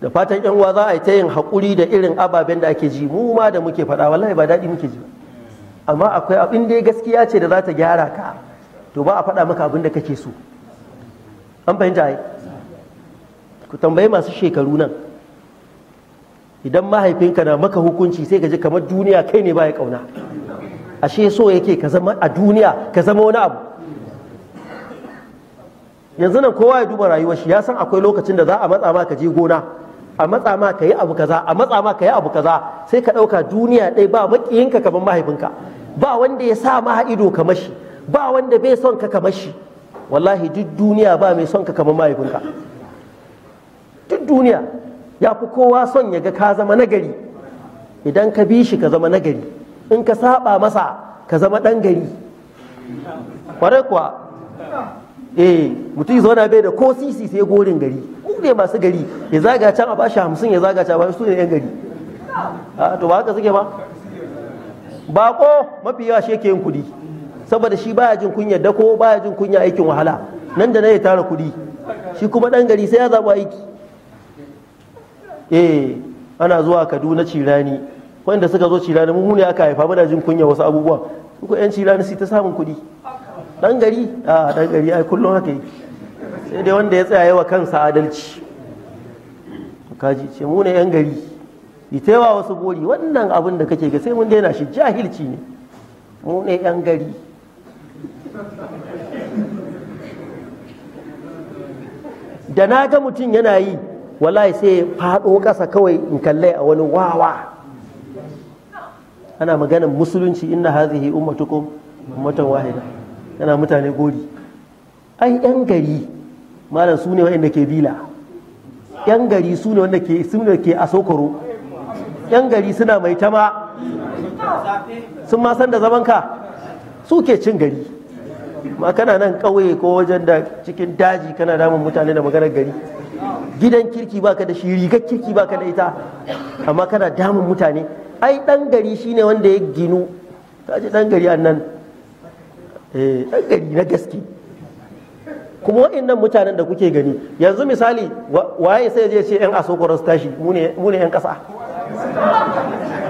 da fatan yan uwa za a yi ta yin haƙuri da irin ababen da ake ji mu ma da muke faɗa wallahi ba daɗi muke ji amma akwai abin da gaskiya ce da za ta gyara ka to ba a faɗa maka abin da kake so an fahimta ai ku tambayi masu shekaru nan idan mahaifinka na maka hukunci sai ka ji kamar duniya kai ne ba ya kauna ashe so yake ka zama a duniya ka zama wani abu yanzu nan kowa ya duba rayuwar shi ya san akwai lokacin da za a matsa ma ka je gona a matsa ma ka yi abu kaza a matsa ma ka yi abu kaza sai ka ɗauka duniya ɗaya ba makiyinka kaman mahaifinka ba wanda ya sa ma ido kamar shi ba wanda bai son ka kamar shi wallahi duk duniya ba mai son ka kamar mahaifinka duk duniya ya fi kowa son ya ga ka zama nagari idan ka bi shi ka zama nagari in ka saba masa ka zama ɗan gari kwarai kuwa eh mutum zauna bai da ko sisi sai gorin gari ku ne masu gari ya zaga can a bashi hamsin ya zaga can bashi su ne yan gari ah, to ba haka suke ba bako mafi yawa shi yake yin kuɗi saboda shi baya jin kunya da ko baya jin kunya aikin wahala nan da na ya tara kuɗi shi kuma ɗan gari sai ya zaɓi aiki eh ana zuwa kaduna cirani wanda suka zo cirani mu ne aka haifa muna jin kunya wasu abubuwan ko yan cirani sai ta samun kuɗi dan gari a dan gari ai kullum haka yi sai dai wanda ya tsaya wa kansa adalci kaji ce mu ne yan gari taiwa wasu bori wannan abin da kake ga sai mun daina shi jahilci ne mu ne yan gari da na ga mutum yana yi wallahi sai faɗo ƙasa kawai in kallai a wani wawa ana maganin musulunci inna hazihi ummatukum ummatan wahida yana mutane gori ai yan gari malam su ne wanda ke bila yan gari su ne wanda ke asokoro. ke a sokoro yan gari suna mai tama sun ma san da zaman ka su ke cin gari ma kana nan ƙauye ko wajen da cikin daji kana damun mutane da maganar gari gidan kirki baka da shi rigar kirki baka da ita amma kana damun mutane ai dan gari shine wanda ya ginu kaji dan gari annan eh ɗan gari na gaske kuma waɗannan mutanen da kuke gani yanzu misali waye sai je ce 'yan aso su tashi mu ne 'yan ƙasa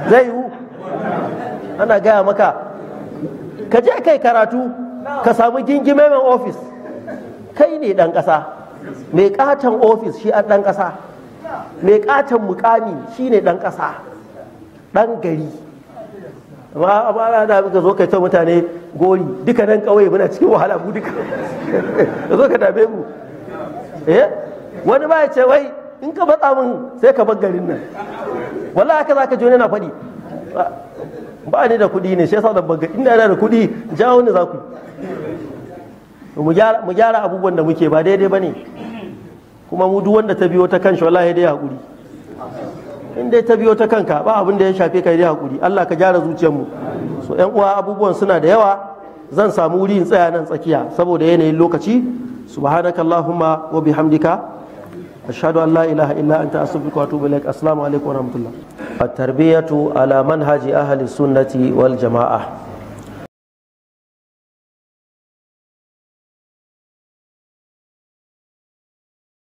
zai yiwu ana gaya maka ka je kai karatu ka samu gingimemen ofis kai ne ɗan ƙasa mai ƙaton ofis shi an ɗan ƙasa mai ƙaton mukami shi ne ɗan ƙasa ɗan gari amma amma ana da ka zo kai ta mutane gori duka nan kawai muna cikin wahala mu duka ka zo ka dame mu eh wani ba ya ce wai in ka batsa min sai ka bar garin nan wallahi haka zaka ji wani na faɗi ba ni da kuɗi ne sai sa da bagga inda yana da kuɗi jawo ni za ku mu gyara abubuwan da muke ba daidai ba ne kuma mu duk wanda ta biyo ta kan shi wallahi dai haƙuri in dai ta biyo ta kanka ba abin da ya shafe ka dai hakuri Allah ka gyara zuciyarmu so yan uwa abubuwan suna da yawa zan samu wuri in tsaya nan tsakiya saboda yanayin lokaci subhanaka allahumma wa bihamdika ashhadu an la ilaha illa anta astaghfiruka wa atubu ilaik assalamu alaikum wa rahmatullah at-tarbiyatu ala manhaji ahli sunnati wal jama'a